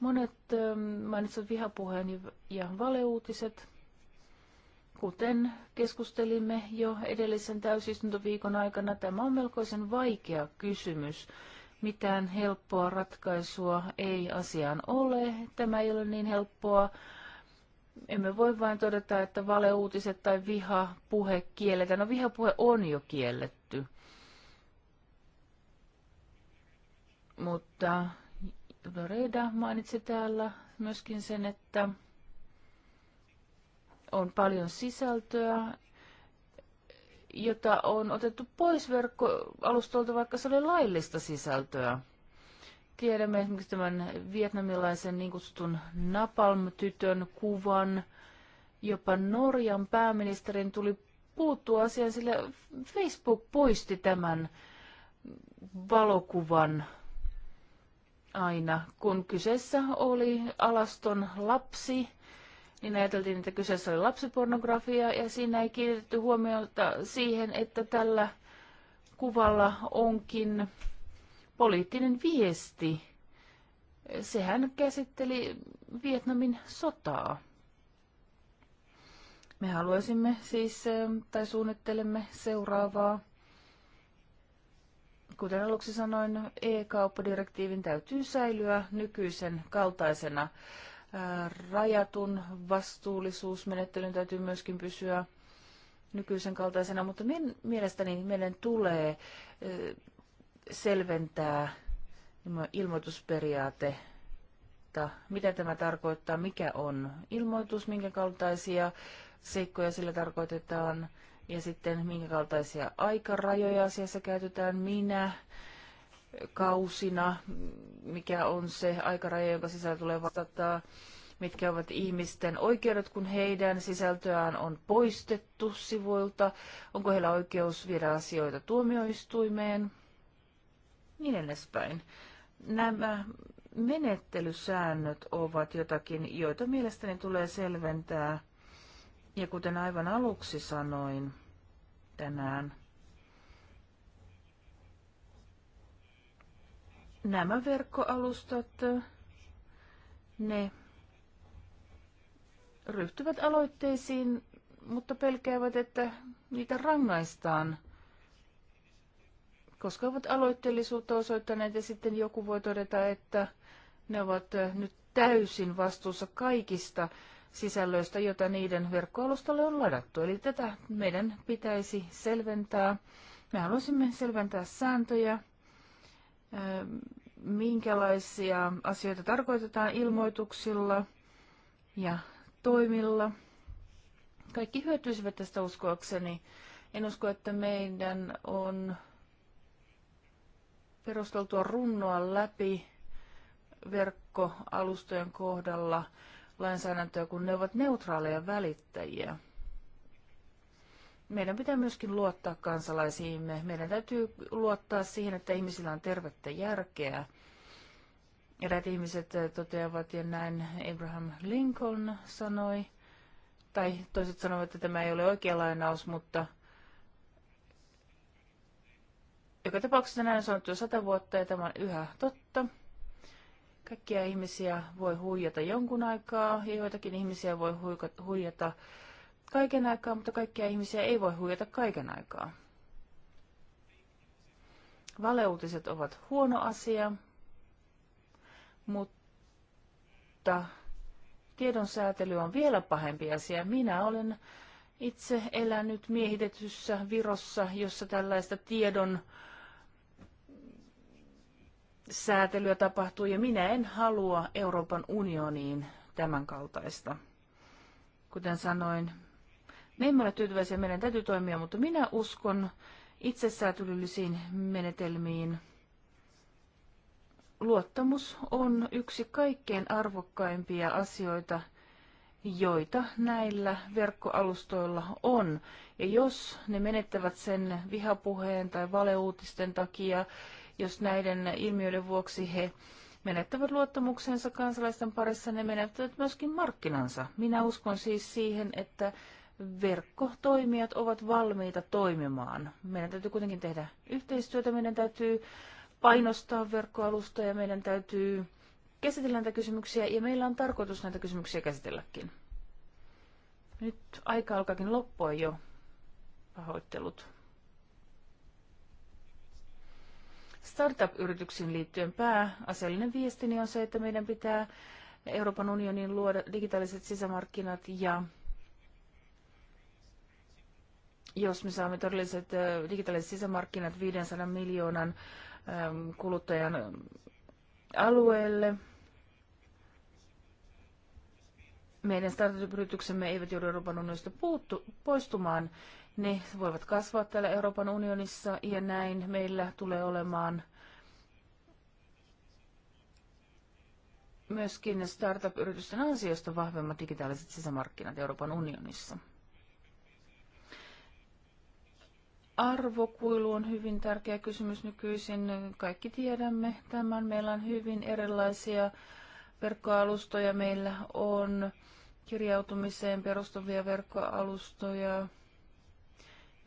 monet ähm, mainitsivat vihapuheen ja valeuutiset, kuten keskustelimme jo edellisen täysistuntoviikon aikana. Tämä on melkoisen vaikea kysymys. Mitään helppoa ratkaisua ei asiaan ole. Tämä ei ole niin helppoa emme voi vain todeta, että valeuutiset tai vihapuhe kielletään. No vihapuhe on jo kielletty. Mutta Loreda mainitsi täällä myöskin sen, että on paljon sisältöä, jota on otettu pois verkkoalustolta, vaikka se oli laillista sisältöä. Tiedämme esimerkiksi tämän vietnamilaisen niin kutsutun Napalm-tytön kuvan. Jopa Norjan pääministerin tuli puuttua asiaan, sillä Facebook poisti tämän valokuvan aina. Kun kyseessä oli alaston lapsi, niin ajateltiin, että kyseessä oli lapsipornografia ja siinä ei kiinnitetty huomiota siihen, että tällä kuvalla onkin poliittinen viesti. Sehän käsitteli Vietnamin sotaa. Me haluaisimme siis, tai suunnittelemme seuraavaa. Kuten aluksi sanoin, e-kauppadirektiivin täytyy säilyä nykyisen kaltaisena. Rajatun vastuullisuusmenettelyn täytyy myöskin pysyä nykyisen kaltaisena, mutta min, mielestäni meidän tulee selventää ilmoitusperiaate mitä tämä tarkoittaa, mikä on ilmoitus, minkä kaltaisia seikkoja sillä tarkoitetaan ja sitten minkä kaltaisia aikarajoja asiassa käytetään, minä, kausina, mikä on se aikaraja, jonka sisällä tulee vastata, mitkä ovat ihmisten oikeudet, kun heidän sisältöään on poistettu sivuilta, onko heillä oikeus viedä asioita tuomioistuimeen, niin edespäin. Nämä menettelysäännöt ovat jotakin, joita mielestäni tulee selventää. Ja kuten aivan aluksi sanoin tänään, nämä verkkoalustat, ne ryhtyvät aloitteisiin, mutta pelkäävät, että niitä rangaistaan koska ovat aloitteellisuutta osoittaneet ja sitten joku voi todeta, että ne ovat eh, nyt täysin vastuussa kaikista sisällöistä, jota niiden verkkoalustalle on ladattu. Eli tätä meidän pitäisi selventää. Me haluaisimme selventää sääntöjä, eh, minkälaisia asioita tarkoitetaan ilmoituksilla ja toimilla. Kaikki hyötyisivät tästä uskoakseni. En usko, että meidän on perusteltua runnoa läpi verkkoalustojen kohdalla lainsäädäntöä, kun ne ovat neutraaleja välittäjiä. Meidän pitää myöskin luottaa kansalaisiimme. Meidän täytyy luottaa siihen, että ihmisillä on tervettä järkeä. Eräät ihmiset eh, toteavat, ja näin Abraham Lincoln sanoi, tai toiset sanovat, että tämä ei ole oikea lainaus, mutta Joka tapauksessa näin on sanottu sata vuotta ja tämä on yhä totta. Kaikkia ihmisiä voi huijata jonkun aikaa ja joitakin ihmisiä voi huijata kaiken aikaa, mutta kaikkia ihmisiä ei voi huijata kaiken aikaa. Valeuutiset ovat huono asia, mutta tiedon säätely on vielä pahempi asia. Minä olen itse elänyt miehitetyssä virossa, jossa tällaista tiedon säätelyä tapahtuu ja minä en halua Euroopan unioniin tämän kaltaista. Kuten sanoin, me emme ole tyytyväisiä, meidän täytyy toimia, mutta minä uskon itsesäätelyllisiin menetelmiin. Luottamus on yksi kaikkein arvokkaimpia asioita, joita näillä verkkoalustoilla on. Ja jos ne menettävät sen vihapuheen tai valeuutisten takia, jos näiden ilmiöiden vuoksi he menettävät luottamuksensa kansalaisten parissa, ne menettävät myöskin markkinansa. Minä uskon siis siihen, että verkkotoimijat ovat valmiita toimimaan. Meidän täytyy kuitenkin tehdä yhteistyötä, meidän täytyy painostaa verkkoalusta ja meidän täytyy käsitellä näitä kysymyksiä ja meillä on tarkoitus näitä kysymyksiä käsitelläkin. Nyt aika alkaakin loppua jo. Pahoittelut. startup-yrityksiin liittyen pääasiallinen viestini on se, että meidän pitää Euroopan unionin luoda digitaaliset sisämarkkinat ja jos me saamme todelliset digitaaliset sisämarkkinat 500 miljoonan kuluttajan alueelle, meidän startup-yrityksemme eivät joudu Euroopan unionista puuttu, poistumaan ne voivat kasvaa täällä Euroopan unionissa ja näin meillä tulee olemaan myöskin startup-yritysten ansiosta vahvemmat digitaaliset sisämarkkinat Euroopan unionissa. Arvokuilu on hyvin tärkeä kysymys nykyisin. Kaikki tiedämme tämän. Meillä on hyvin erilaisia verkkoalustoja. Meillä on kirjautumiseen perustuvia verkkoalustoja,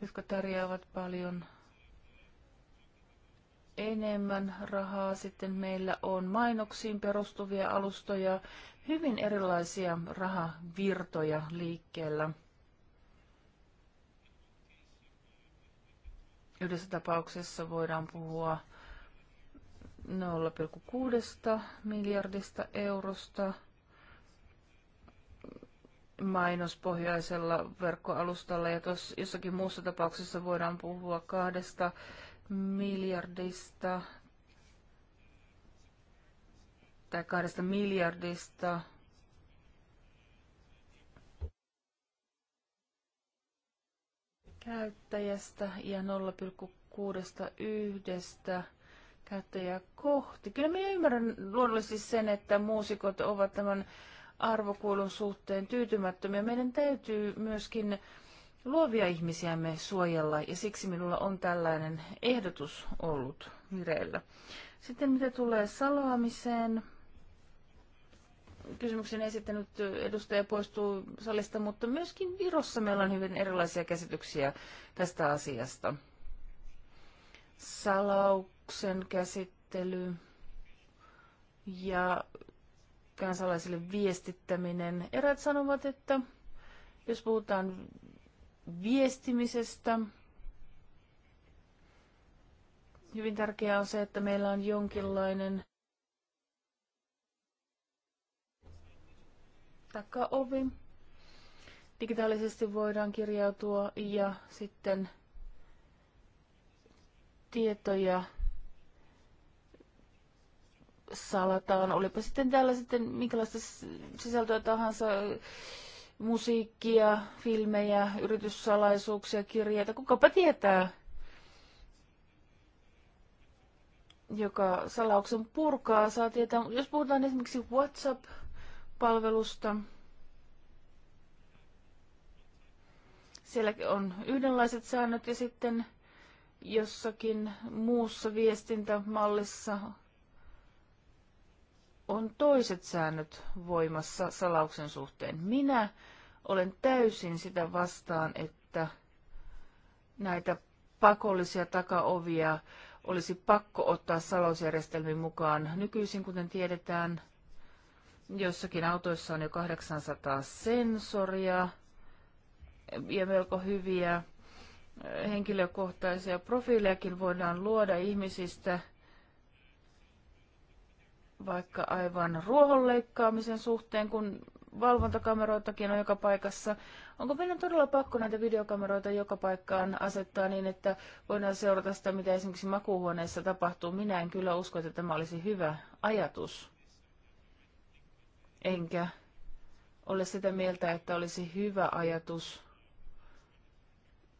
jotka tarjoavat paljon enemmän rahaa. Sitten meillä on mainoksiin perustuvia alustoja, hyvin erilaisia rahavirtoja liikkeellä. Yhdessä tapauksessa voidaan puhua 0,6 miljardista eurosta mainospohjaisella verkkoalustalla ja tuossa jossakin muussa tapauksessa voidaan puhua kahdesta miljardista tai kahdesta miljardista käyttäjästä ja 0,61 käyttäjää kohti. Kyllä minä ymmärrän luonnollisesti sen, että muusikot ovat tämän arvokuulun suhteen tyytymättömiä. Meidän täytyy myöskin luovia ihmisiämme suojella ja siksi minulla on tällainen ehdotus ollut vireillä. Sitten mitä tulee saloamiseen, kysymyksen esittänyt edustaja poistuu salista, mutta myöskin Virossa meillä on hyvin erilaisia käsityksiä tästä asiasta. Salauksen käsittely ja kansalaisille viestittäminen. Erät sanovat, että jos puhutaan viestimisestä, hyvin tärkeää on se, että meillä on jonkinlainen takaovi. Digitaalisesti voidaan kirjautua ja sitten tietoja salataan, olipa sitten täällä sitten minkälaista sisältöä tahansa, musiikkia, filmejä, yrityssalaisuuksia, kirjeitä, kukapa tietää, joka salauksen purkaa, saa tietää. Jos puhutaan esimerkiksi WhatsApp-palvelusta, siellä on yhdenlaiset säännöt ja sitten jossakin muussa viestintämallissa on toiset säännöt voimassa salauksen suhteen. Minä olen täysin sitä vastaan, että näitä pakollisia takaovia olisi pakko ottaa salausjärjestelmiin mukaan. Nykyisin, kuten tiedetään, jossakin autoissa on jo 800 sensoria ja melko hyviä henkilökohtaisia profiilejakin voidaan luoda ihmisistä – vaikka aivan ruohonleikkaamisen suhteen, kun valvontakameroitakin on joka paikassa. Onko meidän todella pakko näitä videokameroita joka paikkaan asettaa niin, että voidaan seurata sitä, mitä esimerkiksi makuuhuoneessa tapahtuu? Minä en kyllä usko, että tämä olisi hyvä ajatus. Enkä ole sitä mieltä, että olisi hyvä ajatus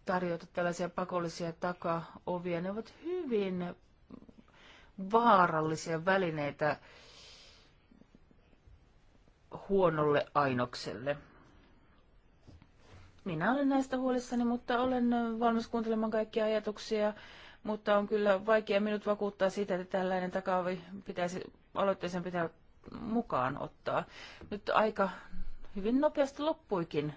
tarjota tällaisia pakollisia takaovia. Ne ovat hyvin vaarallisia välineitä huonolle ainokselle. Minä olen näistä huolissani, mutta olen valmis kuuntelemaan kaikkia ajatuksia, mutta on kyllä vaikea minut vakuuttaa siitä, että tällainen takaavi pitäisi aloitteeseen pitää mukaan ottaa. Nyt aika hyvin nopeasti loppuikin.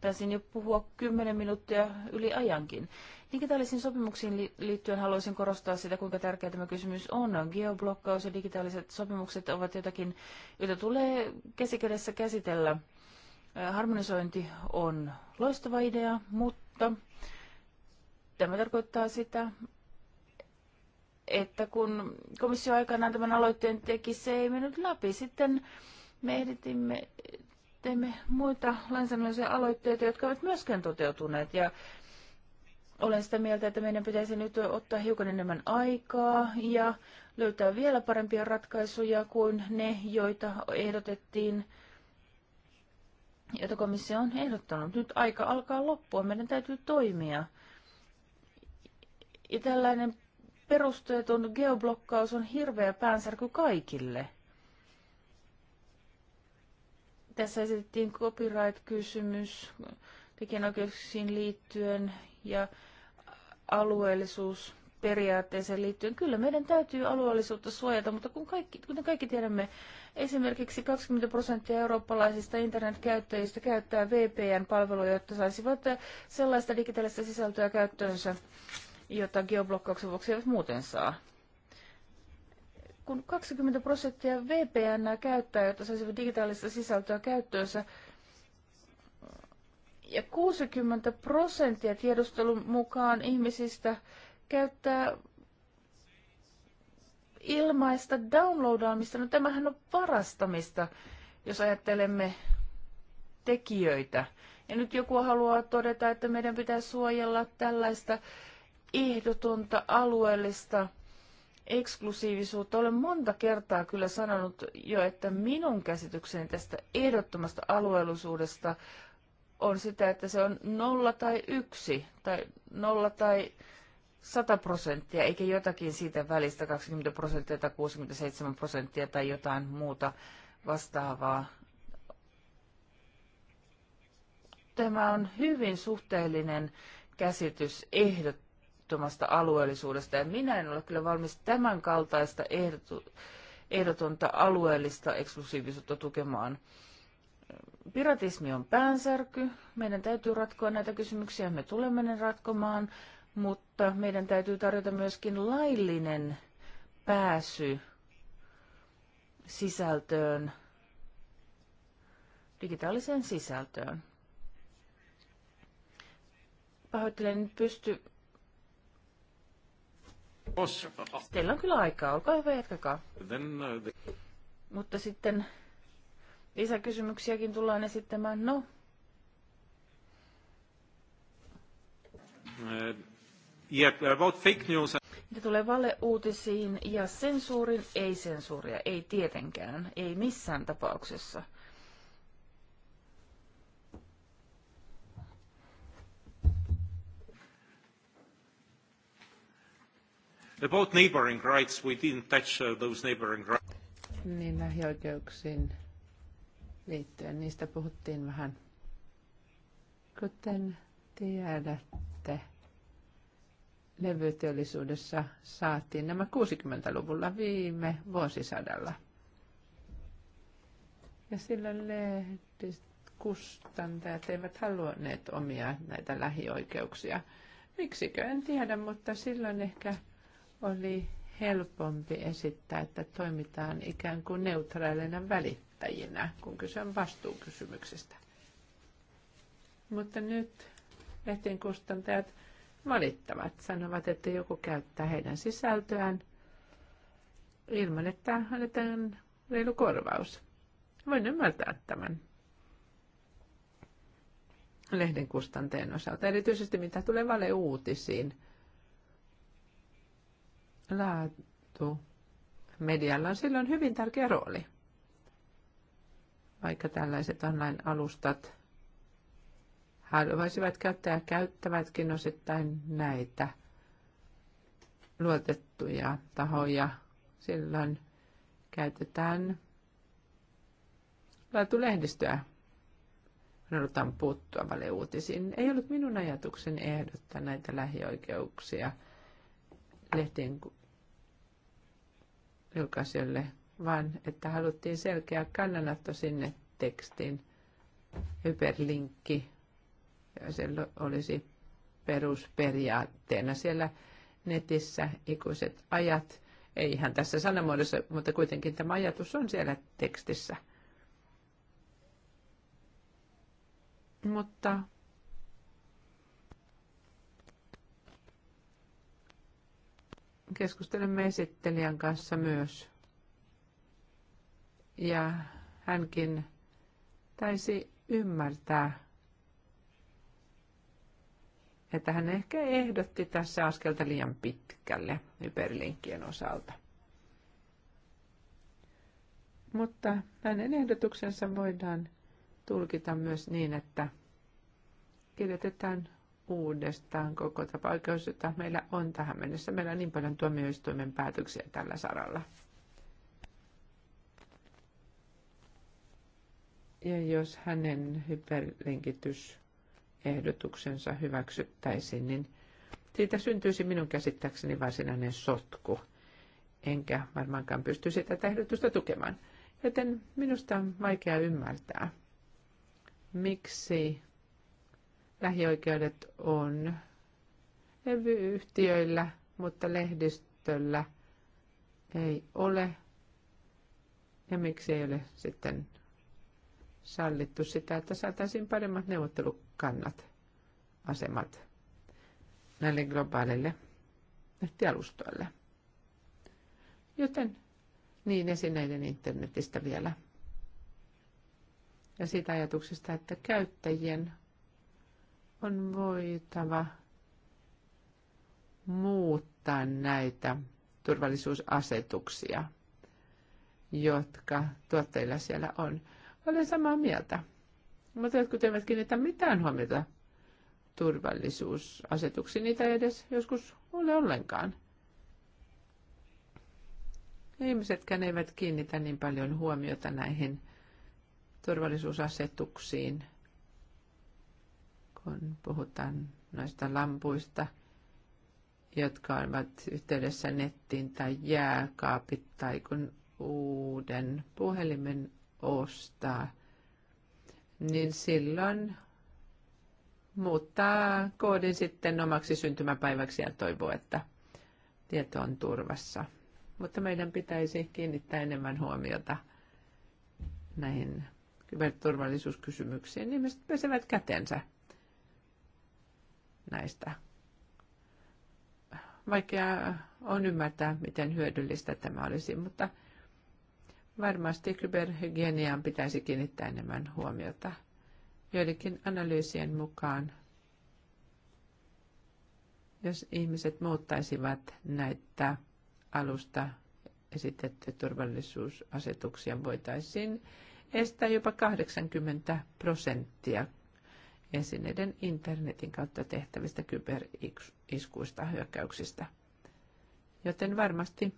Taisin jo puhua 10 minuuttia yli ajankin. Digitaalisiin sopimuksiin liittyen haluaisin korostaa sitä, kuinka tärkeä tämä kysymys on. Geoblokkaus ja digitaaliset sopimukset ovat jotakin, joita tulee käsikädessä käsitellä. Harmonisointi on loistava idea, mutta tämä tarkoittaa sitä, että kun komissio aikanaan tämän aloitteen teki, se ei mennyt läpi. Sitten me ehdimme, teimme muita lainsäädännöllisiä aloitteita, jotka ovat myöskään toteutuneet. Ja olen sitä mieltä, että meidän pitäisi nyt ottaa hiukan enemmän aikaa ja löytää vielä parempia ratkaisuja kuin ne, joita ehdotettiin, joita komissio on ehdottanut. Nyt aika alkaa loppua, meidän täytyy toimia. Ja tällainen perusteeton geoblokkaus on hirveä päänsärky kaikille. Tässä esitettiin copyright-kysymys tekijänoikeuksiin liittyen ja alueellisuus periaatteeseen liittyen. Kyllä meidän täytyy alueellisuutta suojata, mutta kun kaikki, kuten kaikki tiedämme, esimerkiksi 20 prosenttia eurooppalaisista internetkäyttäjistä käyttää VPN-palveluja, jotta saisivat eh, sellaista digitaalista sisältöä käyttöönsä, jota geoblokkauksen vuoksi eivät muuten saa. Kun 20 prosenttia VPN käyttää, jotta saisivat digitaalista sisältöä käyttöönsä, ja 60 prosenttia tiedustelun mukaan ihmisistä käyttää ilmaista downloadaamista. No tämähän on varastamista, jos ajattelemme tekijöitä. Ja nyt joku haluaa todeta, että meidän pitää suojella tällaista ehdotonta alueellista eksklusiivisuutta. Olen monta kertaa kyllä sanonut jo, että minun käsitykseni tästä ehdottomasta alueellisuudesta on sitä, että se on nolla tai yksi tai nolla tai sata prosenttia, eikä jotakin siitä välistä 20 prosenttia tai 67 prosenttia tai jotain muuta vastaavaa. Tämä on hyvin suhteellinen käsitys ehdottomasta alueellisuudesta, ja minä en ole kyllä valmis tämän kaltaista ehdotonta alueellista eksklusiivisuutta tukemaan piratismi on päänsärky. Meidän täytyy ratkoa näitä kysymyksiä. Me tulemme ne ratkomaan, mutta meidän täytyy tarjota myöskin laillinen pääsy sisältöön, digitaaliseen sisältöön. Pahoittelen, nyt pysty... Teillä on kyllä aikaa, olkaa hyvä, jatkakaa. Uh, mutta sitten Lisäkysymyksiäkin tullaan esittämään. No. Eh, yeah, about fake news. Mitä tulee valeuutisiin ja sensuurin, ei sensuuria, ei tietenkään, ei missään tapauksessa. About neighboring rights, we didn't touch uh, those neighboring rights. Niin lähioikeuksiin liittyen. Niistä puhuttiin vähän. Kuten tiedätte, levyteollisuudessa saatiin nämä 60-luvulla viime vuosisadalla. Ja silloin lehdistä kustantajat eivät halunneet omia näitä lähioikeuksia. Miksikö en tiedä, mutta silloin ehkä oli helpompi esittää, että toimitaan ikään kuin neutraalina välittäjänä päättäjinä, kun kyse on vastuukysymyksestä. Mutta nyt lehtien kustantajat valittavat, sanovat, että joku käyttää heidän sisältöään ilman, että annetaan reilu korvaus. Voin ymmärtää tämän lehden kustanteen osalta, erityisesti mitä tulee valeuutisiin. Laatu medialla on silloin hyvin tärkeä rooli vaikka tällaiset online-alustat haluaisivat käyttää ja käyttävätkin osittain näitä luotettuja tahoja. Silloin käytetään laatulehdistöä. Halutaan puuttua valeuutisiin. Ei ollut minun ajatukseni ehdottaa näitä lähioikeuksia lehtien julkaisijoille vaan että haluttiin selkeä kannanotto sinne tekstiin, hyperlinkki, ja se olisi perusperiaatteena siellä netissä ikuiset ajat. ei ihan tässä sanamuodossa, mutta kuitenkin tämä ajatus on siellä tekstissä. Mutta keskustelemme esittelijän kanssa myös ja hänkin taisi ymmärtää, että hän ehkä ehdotti tässä askelta liian pitkälle hyperlinkkien osalta. Mutta hänen ehdotuksensa voidaan tulkita myös niin, että kirjoitetaan uudestaan koko oikeus, jota meillä on tähän mennessä. Meillä on niin paljon tuomioistuimen päätöksiä tällä saralla. Ja jos hänen hyperlinkitysehdotuksensa hyväksyttäisiin, niin siitä syntyisi minun käsittääkseni varsinainen sotku. Enkä varmaankaan pystyisi tätä ehdotusta tukemaan. Joten minusta on vaikea ymmärtää, miksi lähioikeudet on levyyhtiöillä, mutta lehdistöllä ei ole. Ja miksi ei ole sitten sallittu sitä, että saataisiin paremmat neuvottelukannat, asemat näille globaaleille nettialustoille. Joten niin esineiden internetistä vielä. Ja siitä ajatuksesta, että käyttäjien on voitava muuttaa näitä turvallisuusasetuksia, jotka tuotteilla siellä on. Olen samaa mieltä. Mutta jotkut eivät kiinnitä mitään huomiota turvallisuusasetuksiin. Niitä ei edes joskus ole ollenkaan. Ihmisetkään eivät kiinnitä niin paljon huomiota näihin turvallisuusasetuksiin, kun puhutaan noista lampuista, jotka ovat yhteydessä nettiin tai jääkaapit tai kun uuden puhelimen ostaa, niin silloin muuttaa koodin sitten omaksi syntymäpäiväksi ja toivoo, että tieto on turvassa. Mutta meidän pitäisi kiinnittää enemmän huomiota näihin kyberturvallisuuskysymyksiin. Ihmiset pesevät kätensä näistä. Vaikea on ymmärtää, miten hyödyllistä tämä olisi, mutta Varmasti kyberhygieniaan pitäisi kiinnittää enemmän huomiota. Joidenkin analyysien mukaan, jos ihmiset muuttaisivat näitä alusta esitettyjä turvallisuusasetuksia, voitaisiin estää jopa 80 prosenttia esineiden internetin kautta tehtävistä kyberiskuista hyökkäyksistä. Joten varmasti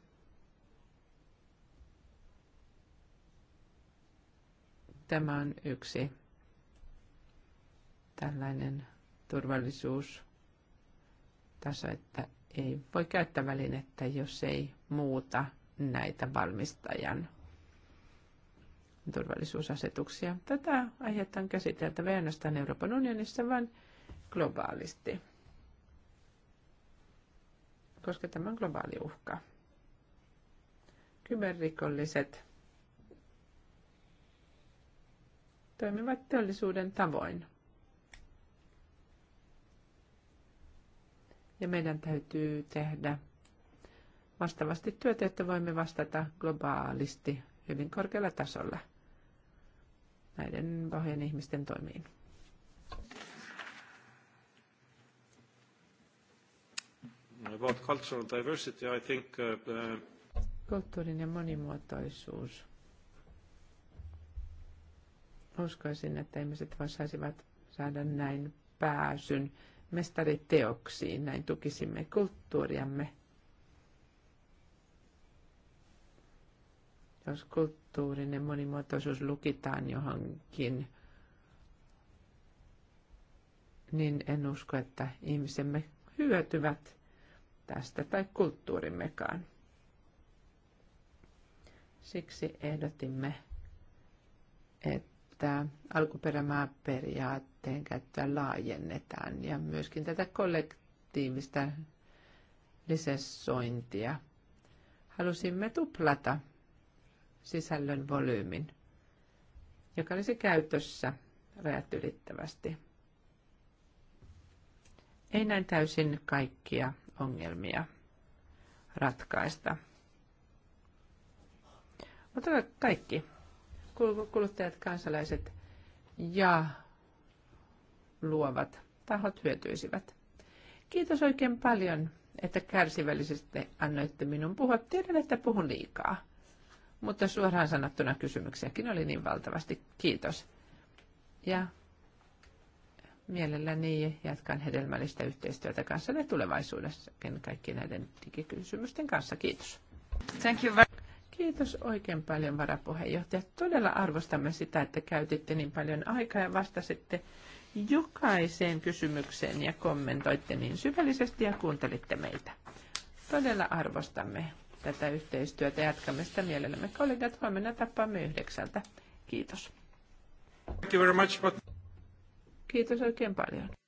Tämä on yksi tällainen turvallisuus turvallisuustaso, että ei voi käyttää välinettä, jos ei muuta näitä valmistajan turvallisuusasetuksia. Tätä aihetta on käsiteltävä ei ainoastaan Euroopan unionissa, vaan globaalisti, koska tämä on globaali uhka. Kyberrikolliset toimivat teollisuuden tavoin. Ja meidän täytyy tehdä vastaavasti työtä, että voimme vastata globaalisti hyvin korkealla tasolla näiden pahojen ihmisten toimiin. About cultural diversity, I think, uh, uh Kulttuurin ja monimuotoisuus uskoisin, että ihmiset saisivat saada näin pääsyn mestariteoksiin, näin tukisimme kulttuuriamme. Jos kulttuurinen monimuotoisuus lukitaan johonkin, niin en usko, että ihmisemme hyötyvät tästä tai kulttuurimmekaan. Siksi ehdotimme, että että alkuperämaaperiaatteen käyttöä laajennetaan ja myöskin tätä kollektiivista lisessointia. Halusimme tuplata sisällön volyymin, joka olisi käytössä rajat ylittävästi. Ei näin täysin kaikkia ongelmia ratkaista. Mutta kaikki kuluttajat, kansalaiset ja luovat tahot hyötyisivät. Kiitos oikein paljon, että kärsivällisesti annoitte minun puhua. Tiedän, että puhun liikaa, mutta suoraan sanottuna kysymyksiäkin oli niin valtavasti. Kiitos. Ja mielelläni jatkan hedelmällistä yhteistyötä kanssanne tulevaisuudessakin kaikkien näiden digikysymysten kanssa. Kiitos. Thank you very- Kiitos oikein paljon varapuheenjohtaja. Todella arvostamme sitä, että käytitte niin paljon aikaa ja vastasitte jokaiseen kysymykseen ja kommentoitte niin syvällisesti ja kuuntelitte meitä. Todella arvostamme tätä yhteistyötä. Jatkamme sitä mielellämme. Kollegat, huomenna tapaamme yhdeksältä. Kiitos. Thank you very much, but... Kiitos oikein paljon.